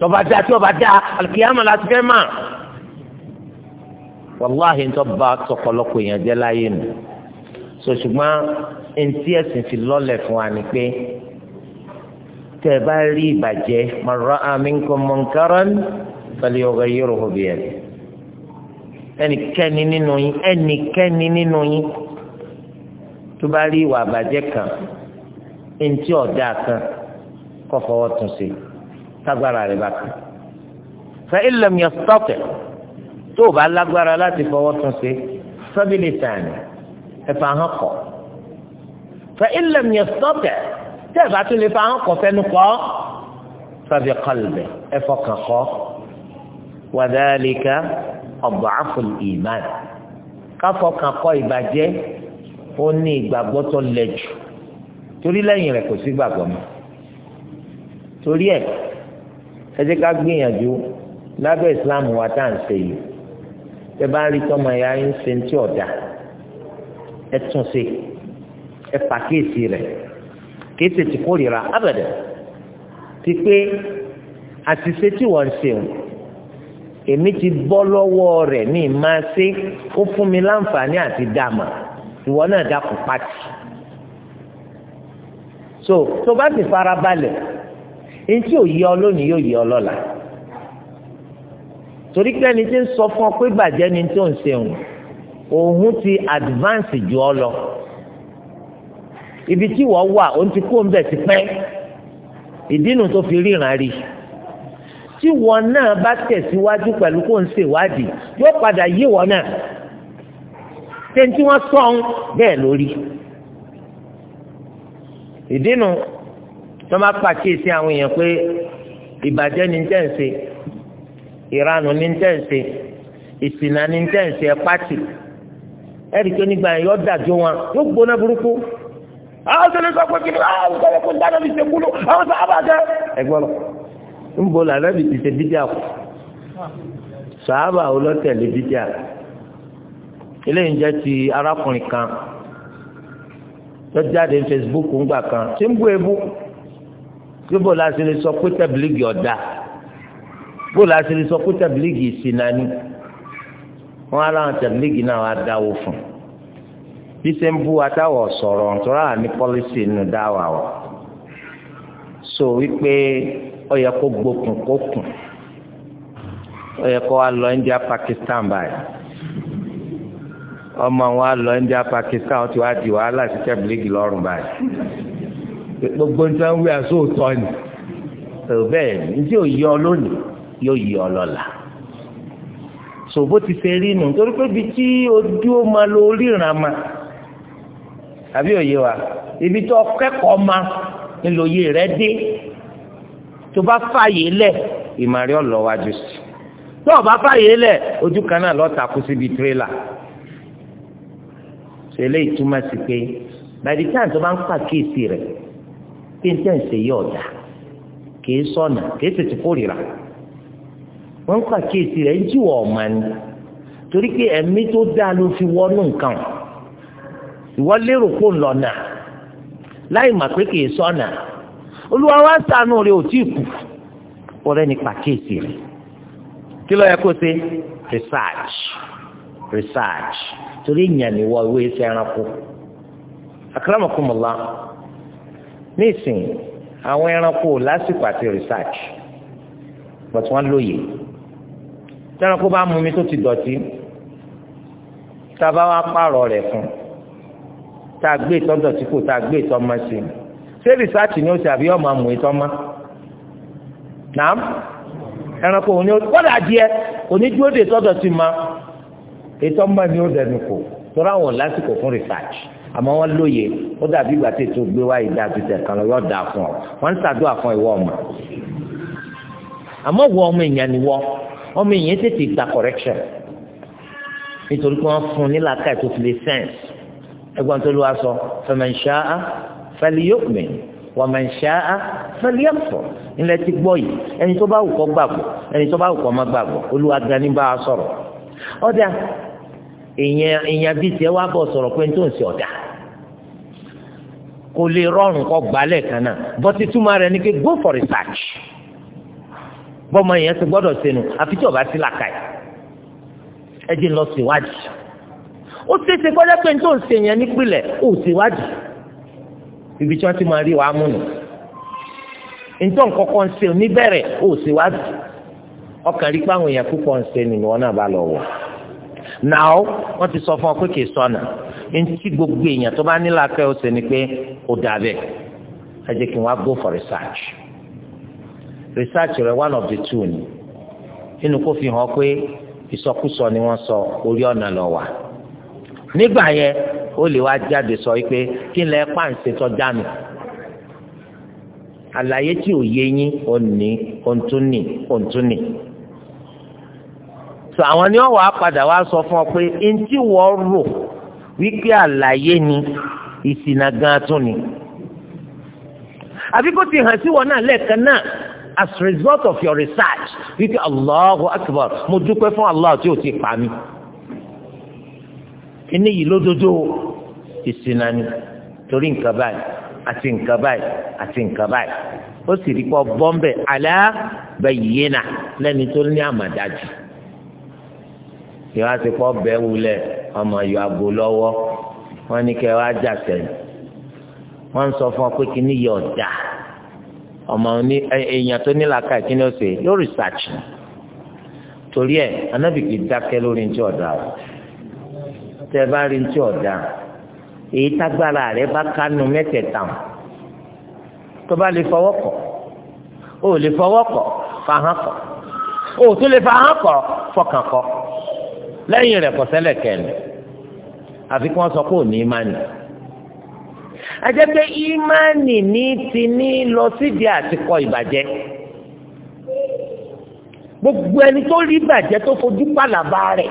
tọba dá tí ọba dá alùkìyàmọ láti fẹ́ mà wàláhì ńtọ́ bá tọ̀pọ̀lọpọ̀ èèyàn jẹ́ láyé nù so ṣùgbọ́n ntí fi lọ́lẹ̀ fún wa ni pé tẹ́ ẹ bá rí ìbàjẹ́ màrúwá àmì ńkọ́ mọ̀nkárán pẹ̀lú ọ̀gá yìí rò ó ẹ̀ ẹnikẹ́ni nínú yín ẹnikẹ́ni nínú yín tó bá rí ìwà àbàjẹ́ kan eŋti ọ̀dà kan kó fọwọ́ tún sí tágbára rẹ̀ bá kan fa illam yastati tó o bá lágbára láti fọwọ́ tún sí fabili sàní ẹ̀fà hàn kọ́ fa illam yastati tẹ́ ẹ̀fà tún lè fa hàn kọ́ fẹ́nu kọ́ fabi qalbi ẹ̀fọ́ kan kọ́ wa ọ̀bọ̀ àfọ̀lì ìmán káfọkàn kọ ìbàjẹ́ ó ní ìgbàgbọ́ tó lẹ jù torí lẹ́yìn rẹ̀ kò sí gbàgbọ́ mọ́ torí ẹ̀ ẹ jẹ́ ká gbìyànjú lábẹ́ ìsìláàmù wa tá à ń ṣe yìí tẹ bá rí tọmọ ẹ̀yà ń ṣe ń tí ọ̀dà ẹ tún ṣe ẹ pàkíyèsí rẹ̀ kì í ti kórìíra abẹ̀dẹ̀ ti pé àṣìṣe tí wọ́n ń ṣe òun èmi ti bọ́ lọ́wọ́ rẹ̀ ní máa ṣe ó fún mi láǹfààní àti dàmà ìwọ náà dákun pàtì. so tó bá ti fara balẹ̀ tí ò yẹ ọ lónìí yóò yẹ ọ lọ́la torí pé ẹni tí ń sọ fún ọ pé bàjẹ́ ni tó ń ṣeun òun ti advance jù ọ lọ ibi tí wọ́n wà òun ti kó ń bẹ̀ ti pẹ́ ìdí nu tó fi ríran rí tí wọn náà bá tẹ̀síwájú pẹ̀lú kó ń ṣèwádìí yóò padà yé wọn náà tẹ̀ntì wọn sọ̀n bẹ́ẹ̀ lórí. ìdínú tó máa pàkíyèsí àwọn èèyàn pé ìbàjẹ́ ni ń tẹ̀sí ìranù ni ń tẹ̀sí ìsìnà ni ń tẹ̀sí ẹ̀ pátì ẹ̀ríkẹ́ nígbà yẹn yọ dàjọ́ wọn yóò gbóná burúkú àwọn sọ̀rọ̀ sọ pé kí ni ah, àwọn sọ̀rọ̀ pé dáná fi ṣe kúló àwọn sọ̀rọ̀ àbàjẹ́ ẹ̀gbọ́n lọ ń bo lànàbì ti ṣe bídíà kù sàábà olótẹ̀lé bídíà eléyìí ń jẹ́ ti arákùnrin kan tó jáde Facebook ńgbà kan tí ń bú ebú síbò láti lè sọ pé tẹ̀bílígì ọ̀dà bó láti lè sọ pé tẹ̀bílígì ìsìnà ni wọ́n á láwọn tẹ̀bílígì náà wá dáwó fún bí ṣe ń bú adáwọ̀ sọ̀rọ̀ nítorí ní pọ́lísì nínú dáwà ọ̀ so wípé ó yẹ kó gbókùn kó kùn ó yẹ kó wa lọ India Pakistan báyìí ọmọ wa lọ India Pakistan ó ti wá di wàhálà sí tẹ̀bílígì lọ́rùn báyìí gbogbo nítorí wọn wí àsóòtọ́ ni bẹ́ẹ̀ ní tí ò yọ lónìí yóò yọ lọ́la ṣòbó ti fẹ́ rí nù torí pé ibi tí ojú ó máa lo ríran ma àbí òye wa ibi tó kẹ́kọ̀ọ́ ma ńlòye rẹ dé tó bá fààyè lẹ̀ ìmàrí ọ̀lọ́wájú sí tó o bá fààyè lẹ̀ ojú kan náà lọ́ọ́ takú síbi tírélà ṣẹlẹ̀ ìtumọ̀ sí pé bàdí tí àǹtọ́ bá ń pàkíyèsí rẹ̀ kí n tẹ̀sẹ̀ yí ọ̀dà kìí sọ̀nà kìí tètè kórìíra wọ́n ń pàkíyèsí rẹ̀ ń jíwọ̀ ọ̀mà ni torí pé ẹ̀mí tó dáa ló fi wọ́nú nǹkan ìwọ lérò kó lọ́nà láì mà pé kìí sọ̀nà olúwa wá sànù rẹ̀ ò tí ì kù ọ̀rẹ́ ní pàkíyèsí rẹ̀ kí ló yẹ kó ṣe research research torí ìyàn ni wọ́n ìwé iṣẹ́ ẹranko akramakumullah nísìn àwọn ẹranko lásìkò àti research but wọ́n lóye tẹ́ranko bá mú mi tó ti dọ̀tí tá a bá wá pààrọ̀ rẹ̀ fún tá a gbé ìtọ́dọ̀tí kù tá a gbé ìtọ́ mọ́ sí i ṣé rìsáàtì ni ó ṣe àbí ọmọ àmọ̀ ìtọ́ mọ́ nàám ẹranko òní kọ́dà adìẹ onídúró de sọ́dọ̀ sí ma ìtọ́ mọ́ ni ó dẹnu kò tọ́ra wọn lásìkò fún rìsáàtì àmọ́ wọ́n lóye ó dàbí ìgbà tí ètò gbé wá ìdá àtúntẹ̀ kan lọ́yọ́ dà fún ọ wọ́n ń ṣàdúrà fún ìwọ ọmọ àmọ́ wọ ọmọ èèyàn ni wọ́ ọmọ èèyàn tètè gba correction nítorí pé wọ́n fún un nílàkà ètò fi lè sense ẹgbọ́n tó ló wá sọ fẹ̀mẹ̀ṣáá falyu'min wa man sha'a falyakfur ilẹ̀ ti gbọ́ yìí ẹni tó bá wù kó gbàgbọ́ ẹni tó bá wù kó má gbàgbọ́ olúwa gani bá a sọ̀rọ̀ ọ̀dà èèyàn èèyàn bíi tiẹ̀ wá bọ̀ sọ̀rọ̀ pé n tó ń ṣe ọ̀dà kò lè rọrùn kó gbalẹ̀ kan náà bọ́tí ni pé go for research bọ́mọ yẹn ti gbọ́dọ̀ sẹ́nu àfi tí ọba ti là ká ẹ̀ ẹ jẹ́ lọ síwájú ó ṣeéṣe kọ́jà pé n tó ń ṣe yẹn nípìnlẹ̀ ó ṣèwádìí ibi tí wọ́n ti máa rí wàá múnu nítorí kọ́kọ́ ń ṣe oníbẹ̀rẹ̀ ó ṣe wádìí ọkàn rí pé àwọn èèyàn púpọ̀ ń ṣe nínú wọn náà bá lọ wọ̀ náà ti sọ fún ọ pé kì í sọnà gbogbo èèyàn tó bá nílò akẹ́ ọ̀sẹ̀ ni pé ó dà bẹ́ẹ̀ ẹ jẹ́ kí wọ́n á go for research research rẹ̀ one of the two ni inú kó fi hàn pé ìsọkúsọ ni wọ́n sọ orí ọ̀nà lọ wà. nígbà yẹn ó lè wá jáde sọ pé kí n lẹ pàǹsẹ tọjá mi àlàyé tí ò yé yín ò ní òǹtúnì òǹtúnì sọ àwọn ni wọn wàá padà wá sọ fún ọ pé ntí wọn rò wípé àlàyé ni ìsìnà gan tún ni àfi kó ti hàn sí wọn náà lẹ́ẹ̀kan náà as a result of your research wípé Allahu Akbar mo dúpẹ́ fún Allah tí ò ti pa mí kíní yìí lódodo ìṣìnà ni torí nǹkan báyìí àti nǹkan báyìí àti nǹkan báyìí ó sì rí pọ bọ́m̀bẹ̀ alẹ́ bẹ̀yẹ́nà lẹ́ni tó ní àmàdájú ìwà ti pọ̀ bẹ́ẹ̀ wulẹ̀ ọmọ yọ àgbo lọ́wọ́ wọn ní kẹ́ wá jà sẹ́yìn wọn sọ fún ọ pé kíní yọ ọ̀dà ọmọ ní èèyàn tó ní làákà kíní ọ̀sẹ̀ yóò rìsáàcì torí ẹ̀ anábìkì dákẹ́ lórí ní ti ọ̀dà rẹ̀ tẹ bá rí ní tí ọ̀dà èyí tágbára rẹ bá kánú mẹ́tẹ̀ẹ̀ta tó bá lè fọwọ́ kọ̀ ó lè fọwọ́ kọ̀ fahàn kọ̀ ó tún lè fahàn kọ̀ fọkàn kọ̀ lẹ́yìn rẹ̀ kọ̀sẹ́lẹ̀ kẹ́ni àfi kí wọ́n sọ pé ò ní ìmánì ajẹ́ pé ìmánì ní ti ní lọ sídìí àtikọ̀ ìbàjẹ́ gbogbo ẹni tó rí ìbàjẹ́ tó fojú pàlàbà rẹ̀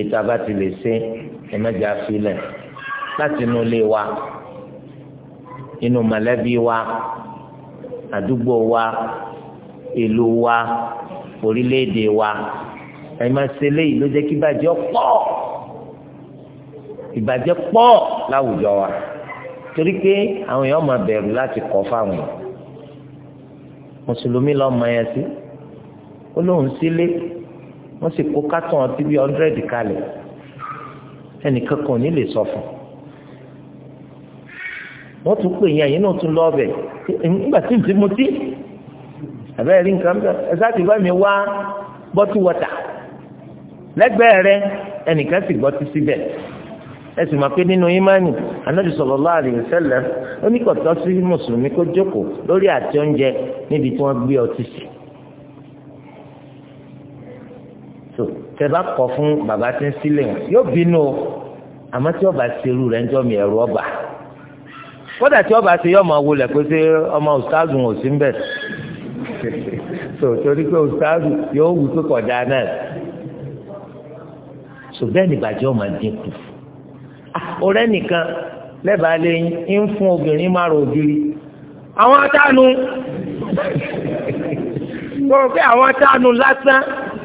ètò àbá ti lè ṣe ẹ̀mẹ́jọ àfilẹ̀ láti inú ilé wa inú mọ̀lẹ́bí wa àdúgbò wa ìlú wa orílẹ̀-èdè wa ẹ̀mẹ́sẹ̀ léyìí ló jẹ́ kí ìbàjẹ́ pọ̀ ìbàjẹ́ pọ̀ láwùjọ wa torí pé àwọn èèyàn máa bẹ̀rù láti kọ́ fáwọn mùsùlùmí lọ́ọ́ mọ ẹ̀ sí ó lóun sílé wọ́n sì kó kátàn ọtí bíi hundred kalẹ̀ ẹnìkan kan ò ní lè sọ fún wọ́n tún pè yín ẹ̀yin náà tún lọ ọbẹ̀ nígbà tí n ti mu tí àbẹ́ rí nǹkan bẹ́ẹ̀ ẹ sáà ti bá mi wá bọ́tù wọ́tà lẹ́gbẹ̀ẹ́ rẹ ẹnìkan sì gbọ́ ti síbẹ̀ ẹ sì máa pé nínú ìmánì anábì sallallahu alaihi wasallam ó ní kò sí mùsùlùmí kó jókòó lórí àti oúnjẹ níbi tí wọ́n gbé ọtí sí so tẹ bá kọ fún bàbá tí ń sílẹ̀ yóò bínú o àmọ́ tí ọba ṣerú rẹ̀ ń jọ mi ẹ̀rù ọba kódà tí ọba ṣe yọ̀ọ́ máa wọlé pé ṣé ọmọ ustaazu ò sí ń bẹ̀ [LAUGHS] so torí pé ustaazu yóò wù pé kọjá náà so bẹ́ẹ̀ ni bàjẹ́ ọmọ dínkù ah, ọ̀rẹ́ nìkan lẹ́bàá lẹ́yìn ń fún obìnrin márùn ògiri àwọn atánu [LAUGHS] mo pé àwọn atánu lásán.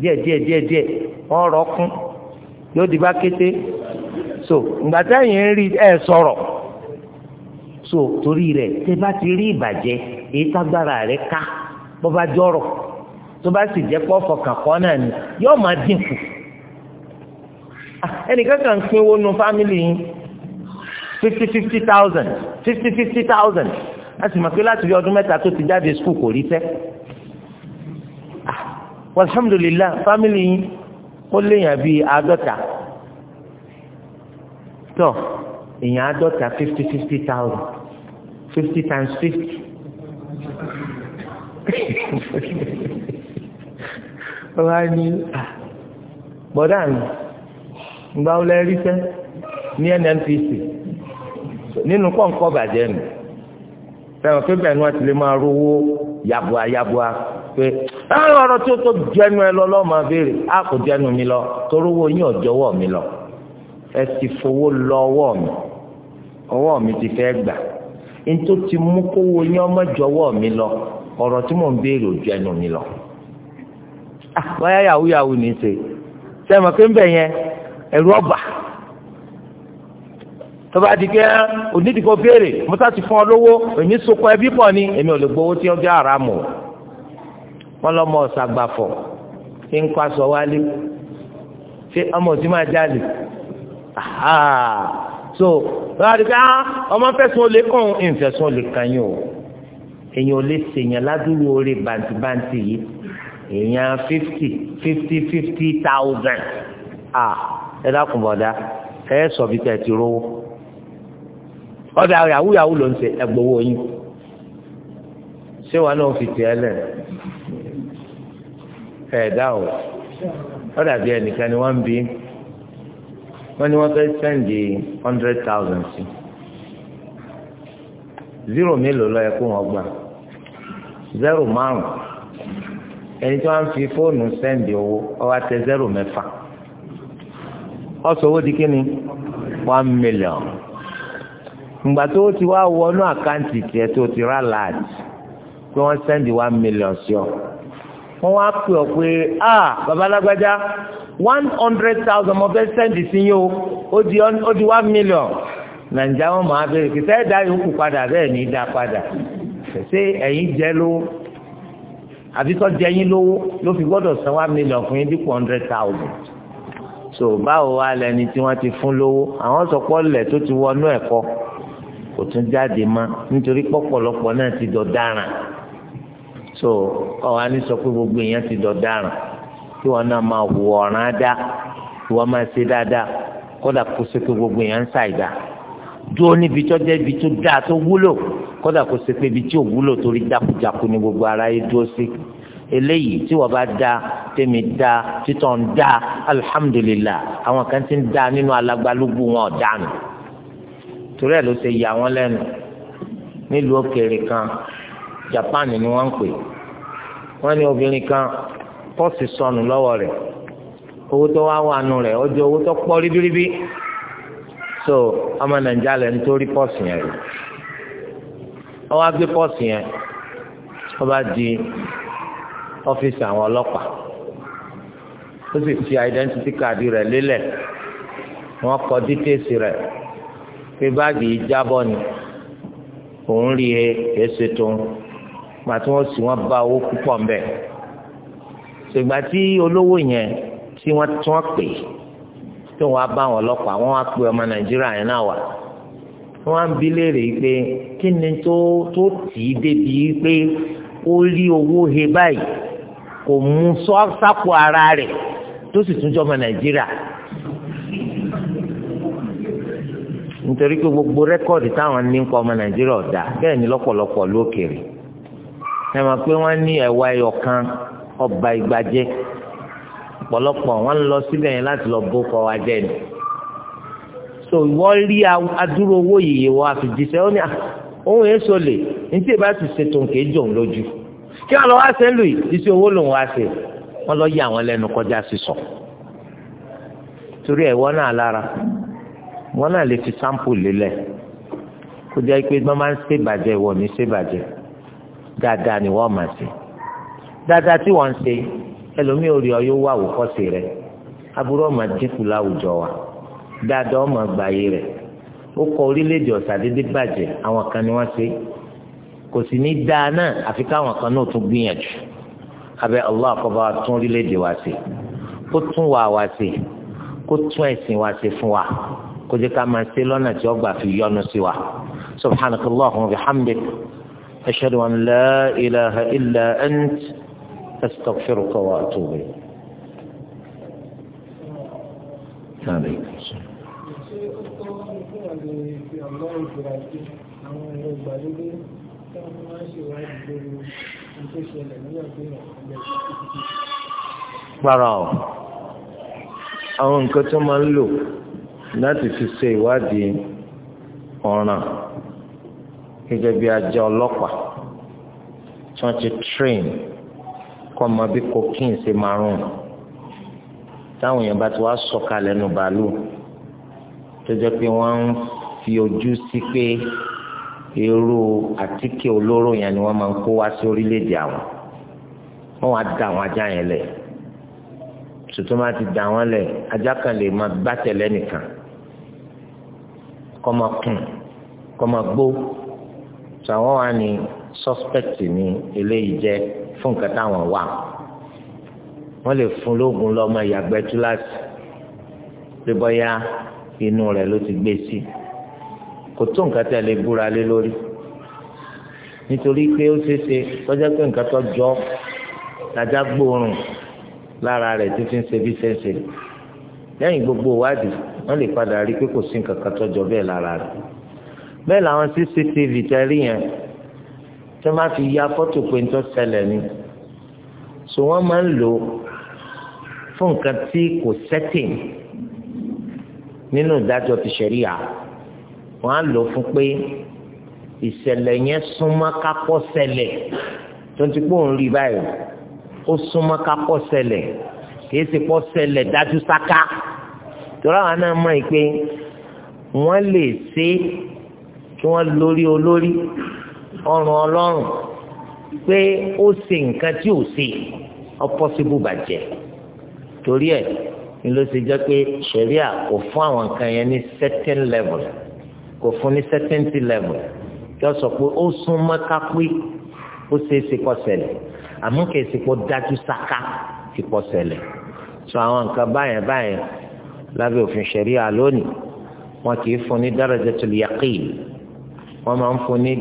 díẹ̀ díẹ̀ díẹ̀ díẹ̀ wọ́n rọ̀ kún yóò so ìgbà táyìn ń rí so torí rẹ̀ tẹ bá ti rí ìbàjẹ́ èyí tágbára rẹ̀ ká bó bá jọrọ̀ tó bá sì jẹ́ pọ́ fọkàn kọ́ náà ni yóò máa ah, ẹnìkan kan pinwó nu fámìlì yín fifty fifty thousand fifty fifty thousand mọ̀ pé ti jáde skul kò alhamdulilah family yín ó léèyàn bíi àádọ́ta tó èèyàn àádọ́ta fifty fifty thousand fifty times fifty [LAUGHS] wọ́n á ní ah, bọ́dà mi ìgbà wo lẹ rí sẹ́ ní nnpc nínú kọ́ńkọ́ bàjẹ́ nù. sẹ́wọ̀n pé bẹ́ẹ̀ ni wọ́n ti lè máa rówó yabua yabua pé ẹ̀rọ ọ̀rọ̀ tí ó tó jẹnu ẹ lọ lọ́ọ́ máa béèrè á kò jẹnu mi lọ torówó yín ọ̀jọ́wọ́ mi lọ ẹ ti fowó lọ ọwọ́ mi ti fẹ́ gbà ní tó ti mú kówó yín omo jọ̀wọ́ mi lọ ọ̀rọ̀ tí mò ń béèrè ò jẹnu mi lọ. wáyà ah, yahoo yahoo tó bá di pé onídìí kò béèrè musa ti fún ọ lówó èmi sokọ ẹbí pọ̀ ni èmi ò lè gbowó tí ó jẹ́ àràmù wọn lọ́mọ ọ̀sàgbàfọ̀ tí ń kọ́ aṣọ wálé ṣé ọmọ òtí máa jáde so tó bá di pé ah, ọmọ fẹ̀sùn olè kàn ń fẹ̀sùn olè kàn yín o èyàn ò lè ṣèyàn ládùúgbò orí bàǹtìbàǹtì yìí èèyàn fifty fifty fifty thousand ah ẹ dákun bọ̀dá ẹ sọ bí ti rówó ọ̀dà yàwó yàwó ló ń ṣe ẹgbowó yín ṣé wọn náà fi tẹ ẹ lẹ ẹ o ọ̀dà bíi ẹnìkan ni wọ́n ń bí wọ́n ní wọ́n fẹ́ sẹ́ǹdì hundred thousand sí zero mélòó lọ yẹ kó wọ́n gbà zero márùn ẹni tí wọ́n fi fóònù sẹ́ǹdì owó ọwọ́ àtẹ zero mẹ́fà ọ̀sọ̀ owó di kíni one million ìgbà tó ti wá wọnú àkáǹtì tiẹ̀ tó ti rà láàjì pé wọ́n sẹ́ndì one million sí ọ wọ́n wá pè ọ́ pé a ah, babalágbájá one hundred thousand mo fẹ́ sẹ́ndì sí yín o ó di one million nàìjíríà wọn máa bèrè kì í sẹ́ẹ̀ dá yòókù padà bẹ́ẹ̀ ní í dá padà ṣé ẹ̀yin jẹ́ lówó àbí tó jẹ́ yín lówó ló fi gbọ́dọ̀ san one million fún yín dípò hundred thousand so báwo wá lẹni tí wọ́n ti fún lówó àwọn sọ̀pọ̀ lẹ̀ tó ti wọnú ẹ̀kọ́ kò tún jáde mọ́ nítorí pọ̀pọ̀lọpọ̀ náà ti dọ̀ so ọ̀hán ní sọ pé gbogbo èèyàn ti dọ̀ dáràn kí wọn náà máa wù ọ̀ràn dá kí wọn máa ṣe dáadáa kódà kó ṣe pé gbogbo èèyàn ń ṣàìdá dúró níbi tó jẹ́ ibi tó dáa tó wúlò kódà kó ṣe pé ibi tí ò wúlò torí jákujáku ni gbogbo ara yìí dúró sí eléyìí tí wọ́n bá da tèmi da títọ̀ ń da àwọn kan ti ń da nínú alágbálúgbú wọn ọ̀daràn torí ẹ̀ ló ṣe yà wọ́n lẹ́nu nílùú òkèèrè kan Japan ni wọ́n ń pè wọ́n ní obìnrin kan pọ́ọ̀sì sọnù lọ́wọ́ rẹ̀ owó tó wá wà nù rẹ̀ ọjọ́ owó tó pọ̀ ribiribi so ọmọ nàìjíríà lẹ́nu tó rí pọ́ọ̀sì yẹn rẹ̀ wọ́n wá gbé pọ́ọ̀sì yẹn wọ́n bá di ọ́fíìsì àwọn ọlọ́pàá ó sì fi identity card rẹ̀ lélẹ̀ wọ́n kọ dítẹ́sì rẹ̀ pé báàgì yìí jábọ́ ni òun rí e èsè tó ń gbà tí wọ́n sì wọ́n bá owó púpọ̀ ń bẹ̀ ṣùgbà tí olówó yẹn tí wọ́n tún pè tó wọ́n bá wọn ọlọ́pàá wọ́n á pe ọmọ nàìjíríà yẹn náà wà wọ́n á bi léèrè pé kí ni tó tó tì í débi pé ó rí owó he báyìí kò mú sọ sápò ara rẹ̀ tó sì tún jọmọ nàìjíríà nítorí pé gbogbo rẹ́kọ̀dì táwọn ní nípa ọmọ nàìjíríà ọ̀dà bẹ́ẹ̀ ni lọ́pọ̀lọpọ̀ lókèrè ẹ mọ̀ pé wọ́n ní ẹ̀wà ẹyọ kan ọba ìgbàjẹ́ ọ̀pọ̀lọpọ̀ wọ́n lọ sílẹ̀ yẹn láti lọ bó kọ́ wa jẹ́ ni so ìwọ rí adúrò owó yìí wọ́n a fi jíṣẹ́ ó ní ah, ohun èso lè ní tí ìbá ti ṣètò nǹkan jòun lójú kí wọ́n lọ wá ṣe lù iṣẹ́ owó lòun wá ṣe wọ́n lọ yí àwọn lẹ́nu kọjá sísọ torí ẹ̀wọ́ náà lára wọn náà lè fi sampo lélẹ̀ kó jẹ́ pé wọ́n máa ń ṣèbàjẹ́ wọ̀ ní ṣèbàjẹ́ dáadáa ni wọ́n máa ṣe dáadáa tí wọ́n ń ṣe ẹlòmíì orí ọ yóò wá àwòkọ́ṣe aburú ọmọ dínkù láwùjọ wa dáadáa ọmọ gbàyè rẹ̀ ó kọ orílẹ̀-èdè ọ̀sàdédé bàjẹ́ àwọn kan ni wọ́n ṣe kò sì ní dáa náà àfi káwọn kan náà tún gbìyànjú abẹ́ Allah kó bá tún orílẹ̀-èdè wa ṣe kó tún wa wa ṣe kó tún ẹ̀sìn wa ṣe fún wa. kó ká máa ṣe lọ́nà tí ọgbà fi yọ́nú sí wa subhanaka allahumma wa bihamdik ashadu an la ilaha illa ant astaghfiruka wa atubu Gbàrà ọ̀, àwọn nǹkan tó máa ń lò láti fi ṣe ìwádìí ọ̀ràn gẹ́gẹ́ bí ajá ọlọ́pàá tí wọ́n ti train kọ́ mọ bí cocaine ṣe máa rùn táwọn èèyàn bá ti wá sọ̀kalẹ̀ nù bàálù tó jẹ́ pé wọ́n ń fi ojú sí pé irú àtíkè olóró yẹn ni wọ́n máa ń kó wá sí orílẹ̀-èdè àwọn wọ́n wá da àwọn ajá yẹn lẹ̀ tuntun máa ti da wọn lẹ̀ ajá kan lè máa gbá tẹ̀lé nìkan kọ́mọ kùn kọ́mọ gbó sàwọn wà ní suspect ní eléyìí jẹ́ fún nǹkan táwọn wà wọ́n lè fún lóògùn lọ́mọ ìyàgbẹ́ túláàsì pé bọ́yá inú rẹ̀ ló ti gbé sí kò tó nǹkan tẹ̀ lè búra lé lórí nítorí pé ó ṣeé ṣe tọ́jà pé nǹkan tó jọ lájà gbóòórùn lára rẹ̀ tó ń ṣe bí ṣe ń ṣe lẹ́yìn gbogbo ìwádìí wọ́n lè padà rí pé kò sí nǹkan kan tọ́jọ́ bẹ́ẹ̀ lára rẹ̀ bẹ́ẹ̀ làwọn cctv tẹ́rí yẹn tí wọ́n bá fi ya fọ́tò pé ń tọ́ ṣẹlẹ̀ ni so wọ́n máa ń lò fún nǹkan tí kò sẹ́tìn nínú ìdájọ́ ti ṣẹ̀ríà wọ́n á lò fún pé ìṣẹ̀lẹ̀ yẹn súnmọ́ kápọ́ tó ti pò rí báyìí ó súnmọ́ kápọ́ kìí ṣe pọ́ ṣẹlẹ̀ dájú sáká torí àwọn náà mọ̀ pé wọ́n lè ṣe kí wọ́n lórí olórí ọrùn ọlọ́run pé ó ṣe nǹkan tí ò ṣe ọpọ́sibú bàjẹ́ torí ẹ̀ ni ló ṣe jẹ́ pé ṣẹ̀ríà kò fún àwọn nǹkan yẹn ní certain level kò fún ní certainty level kí wọ́n sọ pé ó sún mọ́ká pé ó ṣe é ṣe kó ṣẹlẹ̀ àmọ́ kìí ṣe pọ́ dájú sáká ti kó ṣẹlẹ̀. sọ àwọn nǹkan báyẹn báyẹn lábẹ́ òfin ṣẹ̀ríà lónìí wọn kì í fún ní tó lè yaqin wọn máa ń fún ní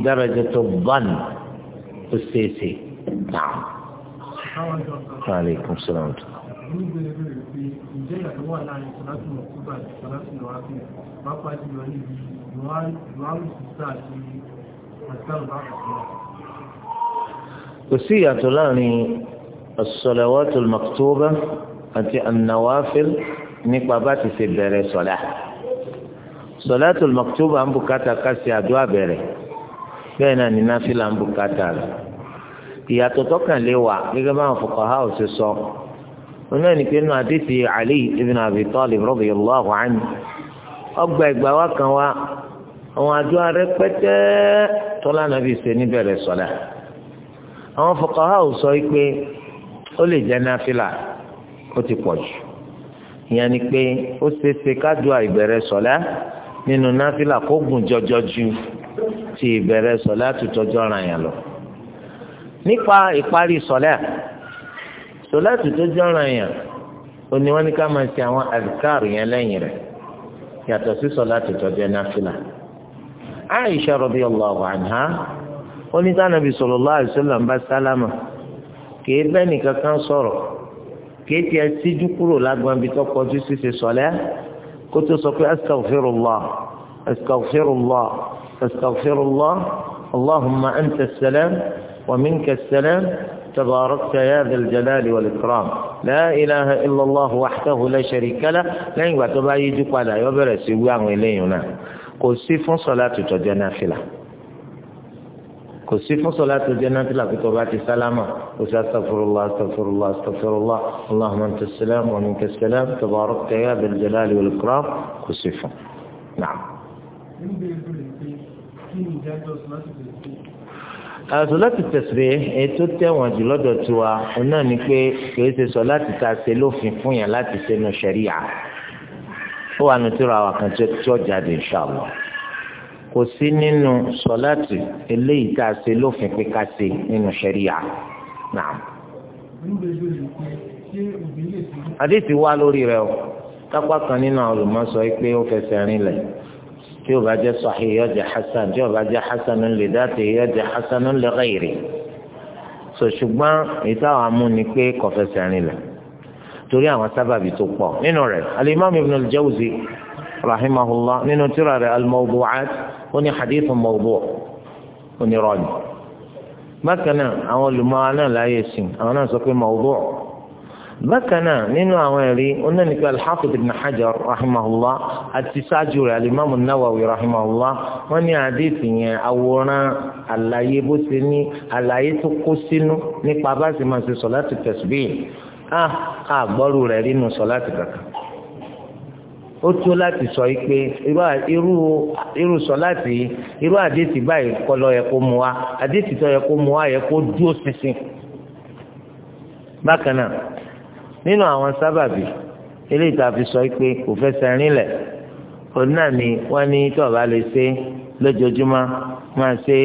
tó bọ́n tó ṣeéṣe náà. aleykum salaam. kò sí ìyàtọ̀ láàrin as-salawatul àti an-nawafil nípa bá ti ṣe bẹ̀rẹ̀ sọ̀lá sọ̀látul maktuba ń bùkátà ká ṣe àdúrà bẹ̀rẹ̀ bẹ́ẹ̀ náà ní náfìlà ń bùkátà rẹ̀ ìyàtọ̀ tọkàn lè wà gẹ́gẹ́ báwọn fuqaha ò ṣe sọ oní ẹni pé nínú àdìsí Ali ibn Abi Talib radiyallahu anhu ọgbà ìgbà wa kan wa àwọn àdúrà rẹpẹtẹ tọ́lá nàbì ṣe níbẹ̀rẹ̀ sọ̀lá àwọn fuqaha ò sọ ó ti pọ̀ jù ìyẹn ni pé ó ṣeéṣe kádùá ìbẹ̀rẹ̀ sọ̀lá nínú náfìlà kó gùn jọjọ ju ti ìbẹ̀rẹ̀ sọ̀lá tutọ́jọ́ ra lọ nípa ìparí sọ̀lá sọ̀lá tutọ́jọ́ ra yàn ó ní wọ́n ní ká máa ṣe àwọn àdìkáàrù yẹn lẹ́yìn rẹ̀ yàtọ̀ sí sọ̀lá náfìlà kìí tiẹ̀ síjú kúrò lágbọn bí tó kọjú ṣíṣe sọlẹ kó tó sọ pé astaghfirullah astaghfirullah astaghfirullah allahumma anta salam wa minka salam تباركت يا ذا الجلال والإكرام لا إله إلا الله وحده لا شريك له لن يبقى تبعي جقلا يبرس يوان إلينا قل سيف صلاة تجنا فلا kò sí fún sọlá tó jẹ náà tí làkú tó bá ti sálámà kò sí asàfurulá asàfurulá asàfurulá aláhùn àti sàlám wa minka sàlám tàbárò kẹyà bil jalali wal ikram kò sí fún. àṣọ láti tẹ̀sí ètò tẹ̀wọ̀n jù lọ́dọ̀ tiwa náà ni pé kì ṣe sọ láti ta ṣe lófin fún yàn láti ṣe nu ṣẹ̀ríyà ó wà nù tíra àwọn kan tí ó jáde insha Allah kò sí nínú sọláàtì eléyìí tá a ṣe lófin pé ká ṣe nínú ṣẹríà náà. àdéhìí wá lórí rẹ o kápá kan nínú àwọn olùmọ̀sọ pé ó fẹsẹ̀ rin lẹ̀ tí ó bá jẹ́ sahih yóò hasan tí ó bá jẹ́ hasanun li dhatihi yóò jẹ́ hasanun li ghayrihi. ṣùgbọ́n ìtawà mú ni pé kò fẹsẹ̀ rin lẹ̀ torí àwọn sábàbí tó pọ̀ nínú rẹ̀ al ibn al-jawzi rahimahullah nínú tírà rẹ̀ al-mawdu'at ó ní hadith mawdu' ó ní rọ́ọ̀nì bákan náà àwọn olùmọ̀ọ́ náà láyé sìn àwọn náà sọ pé mawdu' bákan náà nínú àwọn ẹ̀rí onáníkà al-Hafiz ibn Hajar rahimahullah àti sáájú rẹ̀ al-Imam an-Nawawi rahimahullah wọ́n ní àdéhìí yẹn àwòrán àlàyé bó ṣe ní àlàyé tó kó sínú nípa bá ṣe máa ṣe sọ̀láàtì tasbih ah àgbọ́rù rẹ̀ nínú sọ̀láàtì kankan ó tó láti sọ yìí pé irú irú sọ láti irú àdéhìí báyìí kọlọ yẹ kó mu wa àdéhìí tó yẹ kó mu wa yẹ kó dúró ṣinṣin. bákan náà nínú àwọn sábàbí eléyìí tá a fi sọ yìí pé kò fẹsẹ̀ rinlẹ̀ òun náà ni wọ́n ní tó o bá lè ṣe lójoojúmọ́ máa ṣe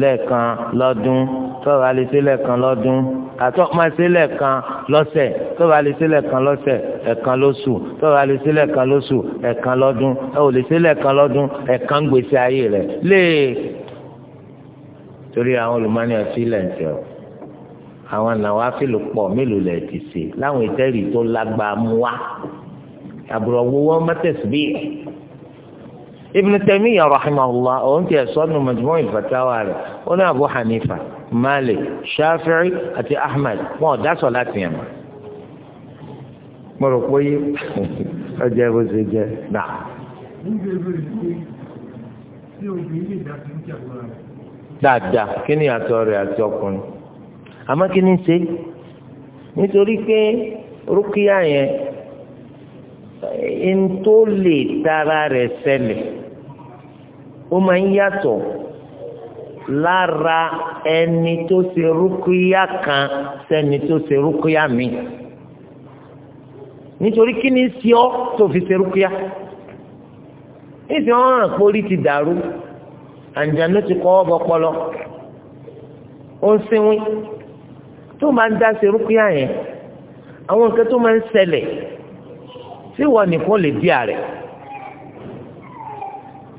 lẹ́ẹ̀kan lọ́dún tó bá lè ṣe lẹ́ẹ̀kan lọ́dún àtọ́ máa ṣe lẹ́ẹ̀kan lọ́sẹ̀ tó bá lè ṣe lẹ́ẹ̀kan lọ́sẹ̀ ẹ̀kan lóṣù tó bá lè ṣe lẹ́ẹ̀kan lóṣù ẹ̀kan lọ́dún ẹ ò lè ṣe lẹ́ẹ̀kan lọ́dún ẹ̀kan gbèsè ayé rẹ̀ léè torí àwọn olùmọ́ni ọtí lẹ́ǹtẹ̀ o àwọn làwọn afẹ́lò pọ̀ mélòó lẹ̀ ti ṣe láwọn ìtẹ́rì tó lágbàá mú wa àbúrò owó wọn mọ́tẹ̀sí bíi Ibn Taymiyyah rahimahullah òun ti ẹ̀sọ́ nu Majmu' al-Fatawa rẹ̀ ó ní Abu Hanifa Malik Shafi'i àti Ahmad wọn ò dásọ̀ láti yàn mọ́. mo rò pé ọjọ́ bó ṣe jẹ́ náà. dáadáa kí ni àtọ rẹ̀ àti ọkùnrin àmọ́ kí ni ṣe nítorí pé rúkìá yẹn ń tó lè tara rẹ̀ ṣẹlẹ̀ ó máa ń yàtọ̀ lára ẹni tó ṣe rúkúyà kan sẹ́ni tó ṣe rúkúyà mi nítorí kí ni sí ọ tó fi ṣe rúkúyà níṣẹ́ wọn hàn pé orí ti dàrú àǹjànú ti kọ́ ọ́ bọ́pọlọ ó ń sinwi tó máa ń dá ṣe rúkúyà yẹn àwọn nǹkan tó máa ń ṣẹlẹ̀ tí wọn nìkan lè bí ààrẹ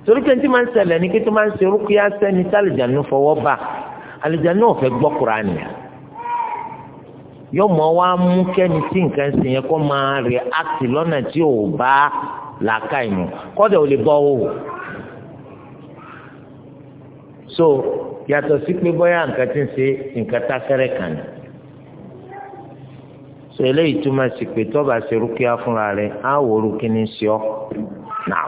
torí pé tí máa ń ṣẹlẹ̀ ní kí tó máa ń ṣe orúkú yá sẹ́ni tí àlìjánu fọwọ́ bá àlìjánu ò fẹ́ gbọ́ Kùránì yóò mọ wá mú kẹ́ni tí nǹkan ṣe yẹn kó máa react lọ́nà tí ò bá làákà ìmọ̀ kọ́dà ò lè bọ́ o. so yàtọ̀ sí pé bóyá nǹkan ti ń ṣe nǹkan tá fẹ́rẹ̀ kàn ní. so eléyìí túmọ̀ sí pé tọ́ba ṣe rúkìá fúnra rẹ̀ á wò ó rú kí náà.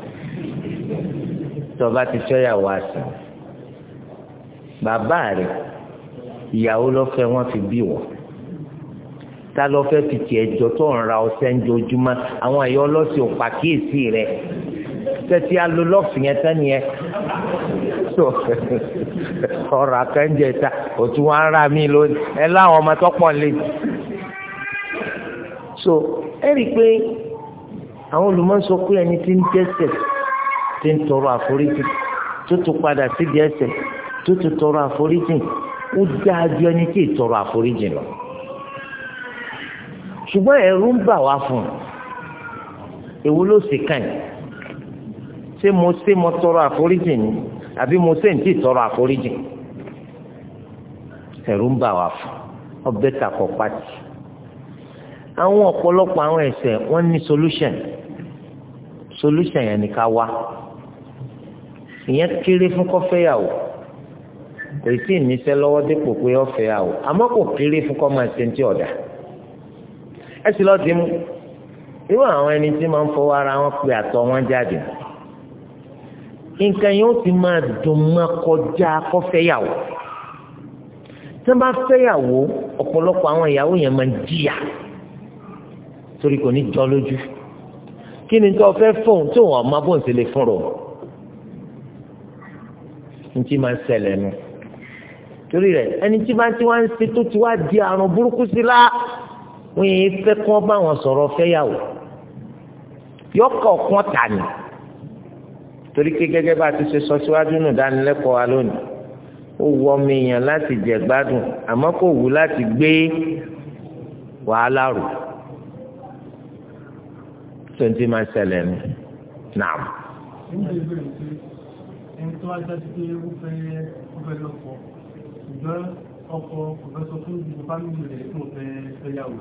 tó bá ti fẹ́yàwó àsìn bàbá rẹ ìyàwó lọ́fẹ́ wọn fi bí wọ ta lọ fẹ́ fi tiẹ̀ jọ tó ń ra ọṣẹ ń jojúmọ́ àwọn ẹ̀yọ́ ọlọ́sìn ò pàkíyèsí rẹ tẹ́tí alólọ́ọ̀fù yẹn tẹ́ni yẹn tó ọ̀rọ̀ akẹ́ńjẹ ta òtún wọn ara mi lónìí ẹ láwọn ọmọ tó pọ̀ lé so ẹ rí i pé àwọn olùmọ̀ sọ pé ẹni tí ń dẹ́ṣẹ̀ tí ń tọrọ àforíjì tó tún padà síbi ẹ̀ṣẹ̀ tó tún tọrọ àforíjì ó dáa ju ẹni tí ì tọrọ àforíjì lọ ṣùgbọ́n ẹ̀rù ń bà wá fún un èwo ló sì kàn yìí ṣé mo ṣé mo tọrọ àforíjì ni àbí mo ṣé n tí tọrọ àforíjì ẹ̀rù ń bà wá fún ọbẹ̀ takọ̀ pàtì àwọn ọ̀pọ̀lọpọ̀ àwọn ẹ̀ṣẹ̀ wọ́n ní solution solution yẹn ni ká wá ìyẹn kéré fún kọ́fẹ́yàwó kò sí ìníṣẹ́ lọ́wọ́ dípò pé ọ̀fẹ́yàwó àmọ́ kò kéré fún kọ́ máa ṣe ti ọ̀dà ẹ sì lọ́ọ́ ti mú irú àwọn ẹni tí máa ń fọwọ́ ara wọn pé àtọ̀ wọn jáde nǹkan yẹn ó ti máa dùn máa kọjá kọ́fẹ́yàwó tí wọ́n bá fẹ́yàwó ọ̀pọ̀lọpọ̀ àwọn ìyàwó yẹn máa ń jìyà torí kò ní jọ lójú kí ni tó fẹ́ fóun tó wọn ọmọ bóun ti lè fún rò ntí máa ṣẹlẹ̀ nù torí rẹ̀ ẹni tí bá ti wá ń ṣe tó ti wá di àrùn burúkú sí la wọ́n yẹn fẹ́ kọ́ bá wọn sọ̀rọ̀ fẹ́yàwó yọkọ̀ ọ̀kan tà ní torí pé gẹ́gẹ́ bá a ti ṣe sọ síwájú nù dánilẹ́kọ̀ọ́ wa lónìí ó wù ọmọ èèyàn láti jẹ gbádùn àmọ́ kò wù láti gbé wàhálà rù tó ń ti máa ṣẹlẹ̀ nù nàá tó wá jẹ́ pé ó fẹ́ lọ́pọ̀ ṣùgbọ́n ọkọ̀ kò fẹ́ sọ fún ìdìbò bá lóòrùn rẹ̀ tó fẹ́ fẹ́yàwó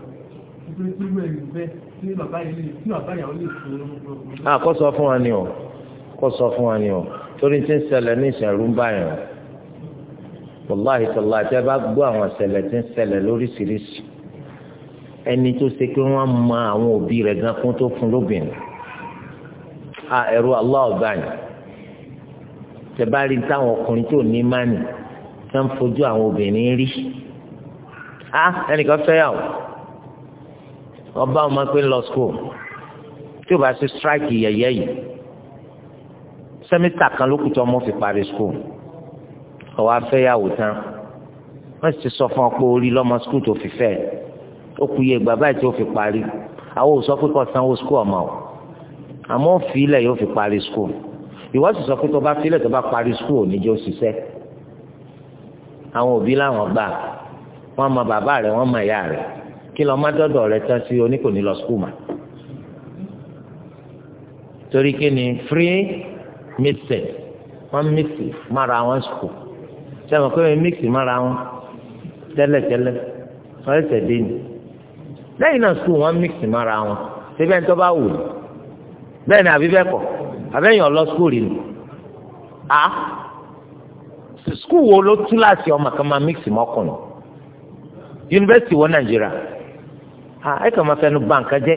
wípé tí ìwé ẹ̀rù bẹ́ẹ̀ tí bàbá ilé tí bàbá ìyàwó lè fún un. àkọ́ ah, sọ fún wa ni o kọ́ sọ fún wa ni o torí tí ń ṣẹlẹ̀ ní ìṣẹ̀rú ń báyìí o wàláhì tọ́lá tí a bá gbọ́ àwọn ṣẹlẹ̀ tí ń ṣẹlẹ̀ lóríṣiríṣi ẹni tó ṣe pé wọ́n mọ àwọn òbí rẹ̀ gan kún tó fún lóbìnrin a ah, ẹ̀rù aláọ̀gbà yìí tẹ̀bárí táwọn ọkùnrin tó ní mánì tó ń fojú àwọn obìnrin rí á ẹnìkan fẹ́yàwó ọba ọmọ pé lọ school tí o bá ṣe strike yẹyẹ yìí sẹ́mítà kan ló kù tó ọmọ fi parí school ọwọ́ afẹ́yàwó tán wọ́n sì sọ fún ọ pé orí lọ́mọ school tó fi fẹ́ ó kú iye ìgbà báyìí tí ó fi parí àwọn ò sọ pé kò sanwó school ọmọ o àmọ́ òfin ilẹ̀ yóò fi parí school ìwọ sì sọ pé tó bá filẹ̀ tó bá parí skul oníjó ṣiṣẹ́ àwọn òbí làwọn gbà wọn mọ bàbá rẹ wọn mọ ìyá rẹ kí lọ má dọdọ rẹ tán sí oníkòní lọ skul mà torí kí ni free mixing wọn mixi mára wọn skul sẹ́wọ̀n pé mixi mára wọn tẹ́lẹ̀tẹ́lẹ̀ wọ́n ẹsẹ̀ dé ni lẹ́yìn náà skul wọn mixi mára wọn síbẹ̀ ń tọ́ bá wù bẹ́ẹ̀ ni àbí bẹ́ẹ̀ kọ́ àbẹ́yìn ọlọ skul rí ni a skul wo ló tún láti ọmọ kan máa mix mọ́kùnrin yunifásitì wọ nàìjíríà a ẹ kàn máa fẹnu bà nǹkan jẹ́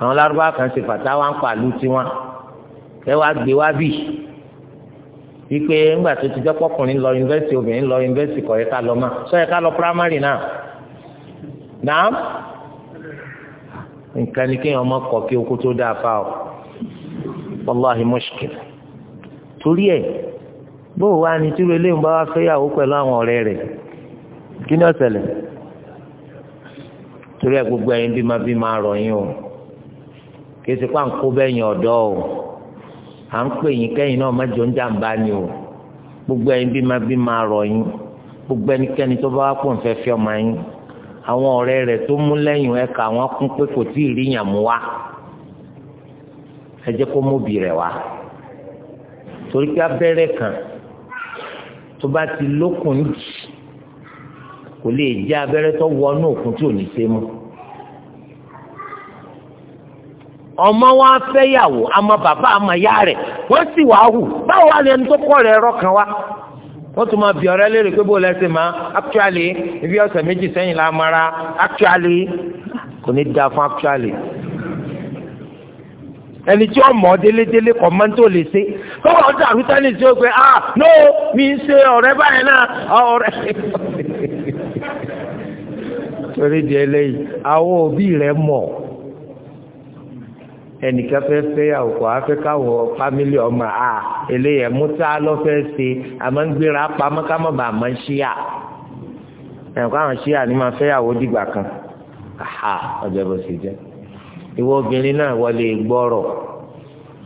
àwọn lárúbá kan ṣe fàtà wà ń pa àlù tiwọn ẹ wá gbé wá bì wípé ńgbà tó ti jẹ́ pọ́kùnrin lọ yunifásitì obìnrin lọ yunifásitì kọ̀ yẹ ká lọ mọ́ sọ yẹ ká lọ primary náà náà nǹkan ni kéèyàn ọmọ kọ kí oko tó dáa fa o wàláhi mushkil torí ẹ̀ bó wà ní tí wọlé ń bá wá fẹ́yàwó pẹ̀lú àwọn ọ̀rẹ́ rẹ̀ kí ni ó ṣẹlẹ̀ torí ẹ̀ gbogbo ẹ̀yin bí máa bí máa rọ̀ yín o kì í ṣe pà ń kó bẹ́yìn ọ̀dọ́ o à ń pè yín kẹ́yìn náà mẹ́jọ ń jàǹbá ni o gbogbo ẹ̀yin bí máa bí máa rọ̀ yín gbogbo ẹnikẹ́ni tó bá wá pọ̀ ń fẹ́ ọmọ yín àwọn ọ̀rẹ́ rẹ̀ tó mú lẹ́yìn ẹ̀ka àwọn kún pé kò tí ì rí yàn mú wá ẹ jẹ́ kó móbi rẹ̀ wá torí pé abẹ́rẹ́ kan tó bá ti lókun jì kò lè jẹ́ abẹ́rẹ́ tó wọnú òkun tí ò ní ṣe mú. ọmọ wa fẹ́yàwó àmọ́ bàbá àmọ́ ya rẹ̀ wọ́n sì wá hù báwo wá lẹni tó kọ́ rẹ̀ ẹ̀rọ kan wá. wọ́n tún máa bí ọ̀rẹ́ léèrè pé bó o máa actually ibi ọ̀sẹ̀ méjì sẹ́yìn la mara actually kò ní da fún actually ẹni tí ó mọ̀ délédélé kọ̀ máa ń tó lè ṣe kọ́wọ́ ọ̀dọ́ àrùtánì tí ó gbé ah no mi ń ṣe ọ̀rẹ́ báyìí náà ọ̀rẹ́ torí di eléyìí àwọn òbí rẹ̀ mọ̀ ẹnìkan fẹ́ fẹ́ àwòkọ́ afẹ́ká wọ fámílì ọmọ a ah, eléyìí ẹ̀mú tá lọ́ fẹ́ ṣe àmọ́ ń gbéra pamọ́ ká mọ̀ bá a mọ̀ ṣíà ẹ̀kọ́ àwọn ṣíà ni máa fẹ́ àwọ̀ dìgbà kan ọjọ́ bó ṣe jẹ́ ìwọ obìnrin náà wọlé gbọ́rọ̀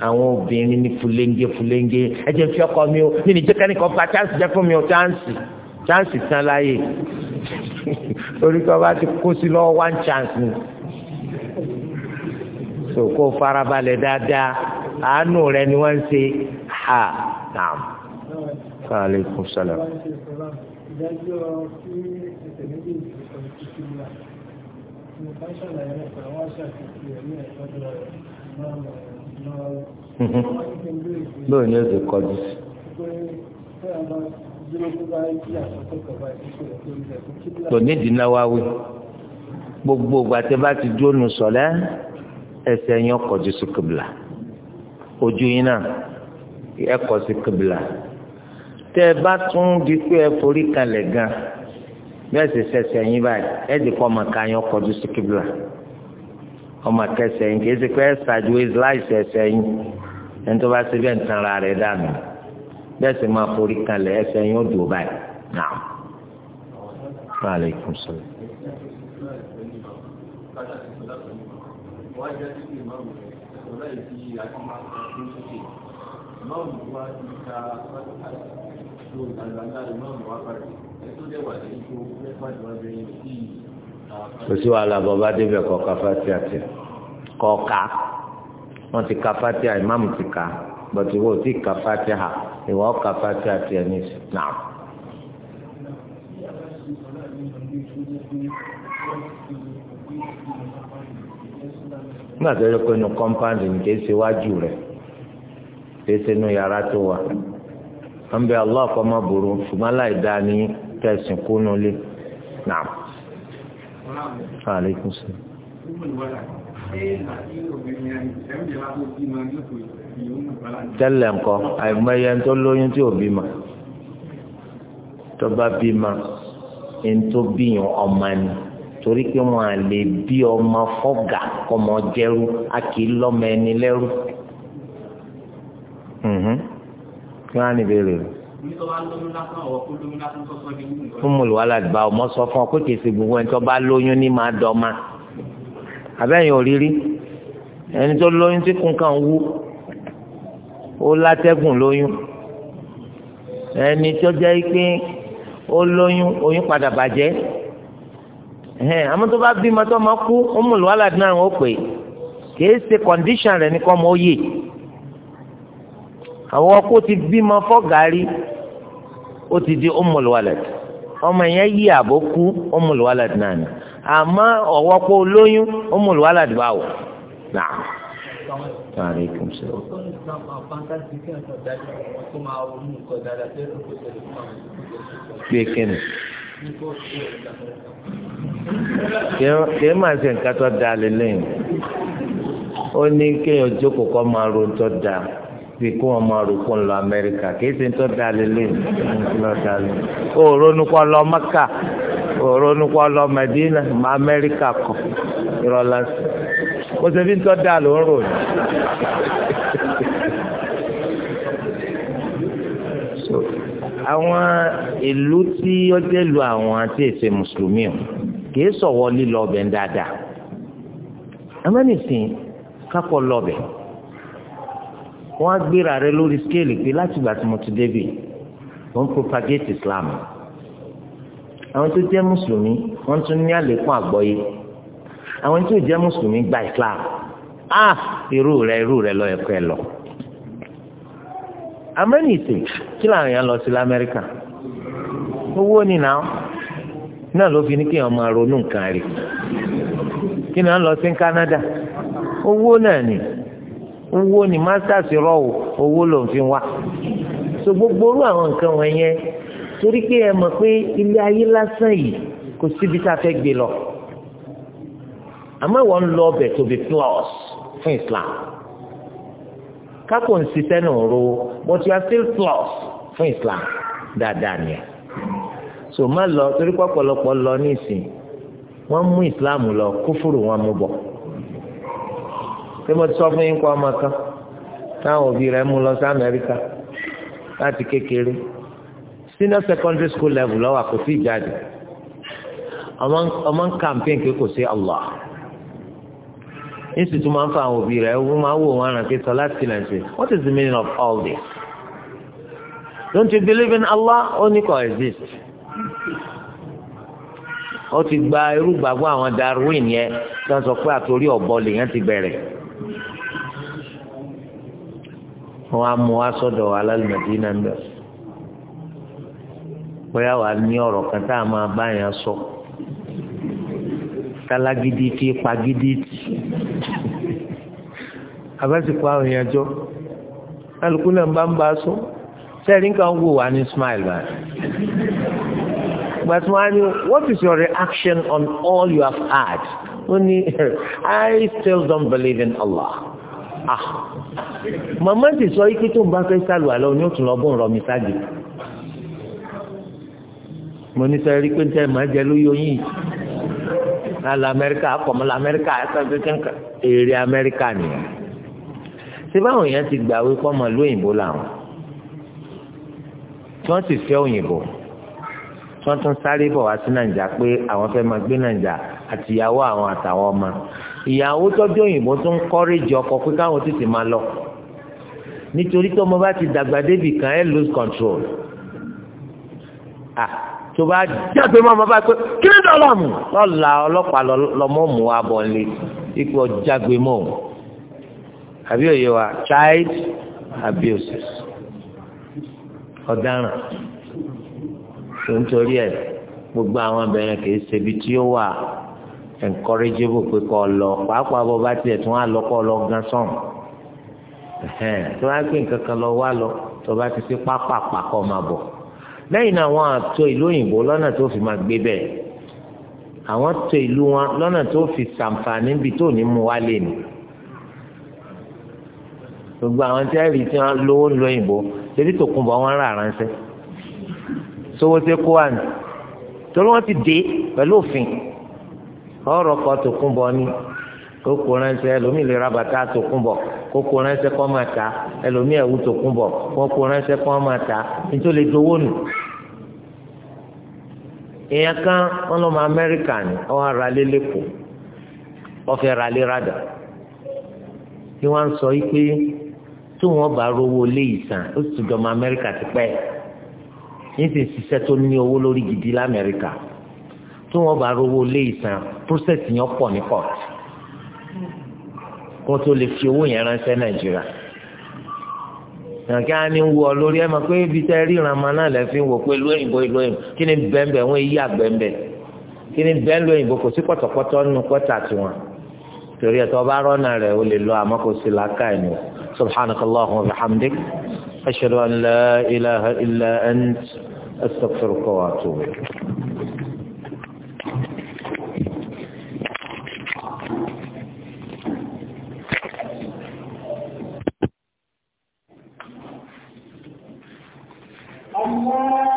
àwọn obìnrin ní fúlẹ́ńgé fúlẹ́ńgé ẹ̀jẹ̀ fi ọkọ mi o mi ní jẹ́kẹ́ni kan fa chance jẹ́ fún mi o chance chance tán láàyè orí kọ́ bá ti kó sí lọ́wọ́ one chance ni so kó farabalẹ̀ dáadáa àánú rẹ ni wọ́n ń ṣe ha naam aleykum salaam. Mhm. bóyá ni ó ti kọjú sí. kò nídìí náà wá wí gbogbo gbàtẹ́ bá ti dúró nù sọ̀lẹ́ ẹsẹ̀ yẹn kọjú sí kìbìlà ojú yín náà ẹ kọ sí kìbìlà tẹ́ ẹ bá tún di pé ẹ forí kalẹ̀ gan-an bẹ́ẹ̀ sì sẹ̀sẹ̀ yín báyìí ẹ̀dì kọ́ ọmọ ká yín ọkọ̀jú sí kíbla ọmọ kẹsẹ̀ yín kìí ṣe pé ṣáájú láì sẹ̀sẹ̀ yín ẹni tó bá ṣe bẹ́ẹ̀ ń tan ara rẹ̀ dànù bẹ́ẹ̀ sì máa forí kalẹ̀ ẹsẹ̀ yín ó dùn báyìí náà. Aleykum salaam. Ìmáàmù wa ti ka ìmáàmù wa parí. kò sí wàhálà bọba débẹ̀ kọ́ káfáàtì àti kọ́ ká ti káfáàtì à ti ká bàtí ti káfáàtì à ìwọ́ káfáàtì àti ẹ̀ ní náà. nígbà tó yẹ kó inú kọ́ńpáǹdì ní kìí ṣe wájú rẹ̀ kìí ṣe inú yàrá tó wà. wọ́n tẹ̀sìn kúnú lé nàá. Aleykum salaam. Tẹ́lẹ̀ nǹkan àìmọye ẹni tó lóyún tí ò bímọ. Tó bá bímọ, ẹni tó bíyàn ọmọ ni torí pé wọn à lè bí ọmọ fọ́gà kọmọ jẹ́rú a kì í lọ́mọ ẹni lẹ́rú. Mhm. Kí wọ́n á níbẹ̀rẹ̀ rẹ̀ fúnmùlùwà làgbà ọmọ sọ fún ọ pé kìí ṣe gbogbo ẹni tó bá lóyún ní máa dọ́mà àbẹ́yìn òrírí ẹni tó lóyún tí kún kan wú ó látẹ́gùn lóyún ẹni tó jẹ́ pé ó lóyún oyún padà bàjẹ́ ẹ̀hẹ́n àmọ́ tó bá bímọ tó máa kú fúnmùlùwà làdínà ó pè kìí ṣe kọ̀ǹdíṣàn rẹ̀ ní kọ́ mọ́ ó àwọn ọkọ ti bímọ fọ́ gàárì ó ti di ummul walad ọmọ yẹn yí àbó kú ummul walad náà ni àmọ́ ọ̀wọ́ pé olóyún ummul walad báwò náà. Aleykum salaam. Bí máa ṣe nǹkan tó da lélẹ́yìn. Ó ní kéèyàn jókòó kọ́ máa ro ń tọ́ da sí kó wọn máa rò pọ̀ lọ amẹ́ríkà kìí ṣe ń tọ́ da lélẹ̀ lọ́dà lé o ronú kọ́ lọ mẹ́kà o ronú kọ́ lọ mẹ́dínà mọ́ amẹ́ríkà kọ́ ìrọ̀lá sí o ṣe fi ń tọ́ da ló ń rò ní. àwọn ìlú tí ó jẹ́ lu àwọn àti èsè mùsùlùmí o kìí sọ̀wọ́ lílọ ọbẹ̀ ń dáadáa amẹ́nìsìn kápọ̀ lọ ọbẹ̀. wọ́n á gbéra rẹ lórí skéèlì pé láti ìgbà tí mo ti débì wọ́n propagate Islam àwọn tó jẹ́ mùsùlùmí wọ́n tún ní àlékún àgbọ́yé àwọn tó jẹ́ mùsùlùmí gba Islam ah irú rẹ irú rẹ lọ ẹ̀kọ́ ẹ lọ amẹ́nìtì kí làwọn èèyàn lọ sí lamẹ́ríkà owó ni náà náà ló fi ní kí èèyàn máa ronú nǹkan rí kí ni lọ sí Canada owó náà ni. owó ni masters rọ o owó ló ń fi wá so gbogbo orú àwọn nǹkan wọn yẹn torí pé ẹ mọ̀ pé ilé ayé lásán yìí kò síbi tá a fẹ́ gbé lọ àmọ́ ìwọ ń lọ ọbẹ̀ tó bi plus fún Islam kákò ń ṣiṣẹ́ nù ń ro but you are still plus fún Islam dáadáa ni ẹ so má lọ torí pọ̀pọ̀lọpọ̀ lọ ní ìsìn wọ́n mú Islam lọ kúfùrù wọn mú bọ̀ ṣé mo ti sọ fún yín kó ọmọ kan táwọn òbí rẹ̀ mú lọ sí Amẹ́ríkà láti kékeré senior secondary school level lọ́wọ́ kò sí ìjáde ọmọ ń campaign pé kò sí Allah nísìtú máa ń fa àwọn òbí rẹ̀ wọ́n máa wò wọ́n àràn pé sọ láti tilẹ̀ ṣe what is the meaning of all this don't you believe in Allah ó ní kò exist ó ti gba irú àwọn Darwin yẹn tí wọ́n sọ pé àtòrí ọ̀bọ lèèyàn ti bẹ̀rẹ̀ wọn á mú wa sọ́dọ̀ wa lálùmọdé náà lọ bóyá wàá ní ọ̀rọ̀ kan tá a máa bá yẹn sọ tálágídí tí pagídí tì abẹ́sìkò àwọn èèyàn jọ alùpùpù náà bá ń bá a sọ sẹ́ẹ̀rì nǹkan wò wá ní smile báyìí but wọ́n á ní what is your reaction on all you have had? ó ní I still don't believe in Allah ah mama, ti sọ ike tó ń bá fẹ́ sálù àlọ́ ní òtún lọ́gbọ́n rọ mi ságì mo ní sọ rí pé ń tẹ́ màá jẹ lóyún yìí ala amẹ́ríkà akọ̀mọ́lá amẹ́ríkà ẹ̀ka èrè amẹ́ríkà nìyẹn ṣé báwọn èèyàn ti gbà wípé ọmọ ìlú òyìnbó làwọn tí wọ́n sì fẹ́ òyìnbó tí wọ́n tún sáré bọ̀ wá sí nàìjà pé àwọn fẹ́ máa gbé nàìjà àtìyàwó àwọn àtàwọn ọmọ ìyàwó tọ́jú òyìnbó tún kọ́rẹ́jì ọkọ pé káwọn tètè máa lọ nítorí tó ọmọ bá ti dàgbà débì kan ẹ lose control ah tó bá jáde mọ́ ọmọ bá pé kí ni dọ́là mù lọ́la ọlọ́pàá lọ́mọ́ mú wa lé ipò jágbe mọ́ òun àbí òye wa child abuses ọ̀daràn tó ń torí ẹ̀ gbogbo àwọn abẹ́rẹ́ kì í ṣe ibi tí ó wà encourageable pé kọ́ lọ pàápàá bọ́ bá tiẹ̀ tún á lọ kọ́ lọ gan sàn tí wọ́n á gbé nǹkan kan lọ wá lọ tó bá ti fi pápá pàkọ́ máa bọ̀ lẹ́yìn náà wọ́n á tò ìlú òyìnbó lọ́nà tó fi máa gbé bẹ́ẹ̀ àwọn tò ìlú wọn lọ́nà tó fi ṣàǹfààní bí tó ní mú wá lé ni gbogbo àwọn tí ẹ̀rí tí wọ́n lówó ń lo òyìnbó ṣebí tó kún bọ̀ wọ́n rà ránṣẹ́ sówó tẹ́ kó wà ní torí wọ́n ti dé pẹ̀lú òfin. ọ̀rọ̀ kọ́ tó kún bọ ni kókó ẹlòmíì lè ra tó kún bọ kókó kọ́ máa ta ẹlòmíì ẹ̀wù tó kún bọ kókó ránṣẹ́ kọ́ ta nítorí lè dowó nù. kan wọn ni ara lé lẹ́kọ̀ọ́ ra lé rádà wọ́n sọ yìí pé bá rówó lé ìsàn ó sì amẹ́ríkà ti pẹ́ yìí tí wọ́n bá rówó lé ìsàn process yẹn pọ̀ ní court kó tó lè fi owó yẹn ránṣẹ́ nàìjíríà nàìjíríà ni wọ lórí ẹ mọ̀ pé ibi tẹ́ ríran ma náà lẹ́ fi wọ pé lóyìnbó lóyìnbó kí ni bẹ́ẹ̀nbẹ́ wọ́n yí àgbẹ̀ǹbẹ̀ kí ni bẹ́ẹ̀ lóyìnbó kò sí pọ̀tọ̀pọ̀tọ̀ nínú kọ́tà tiwọn torí ẹ̀ tó bá rọ́nà rẹ̀ o lè lọ àmọ́ kò sí làákà ẹ̀ nù subhanakallahumma wa bihamdik ashhadu an la ilaha illa ant astaghfiruka wa atubu الله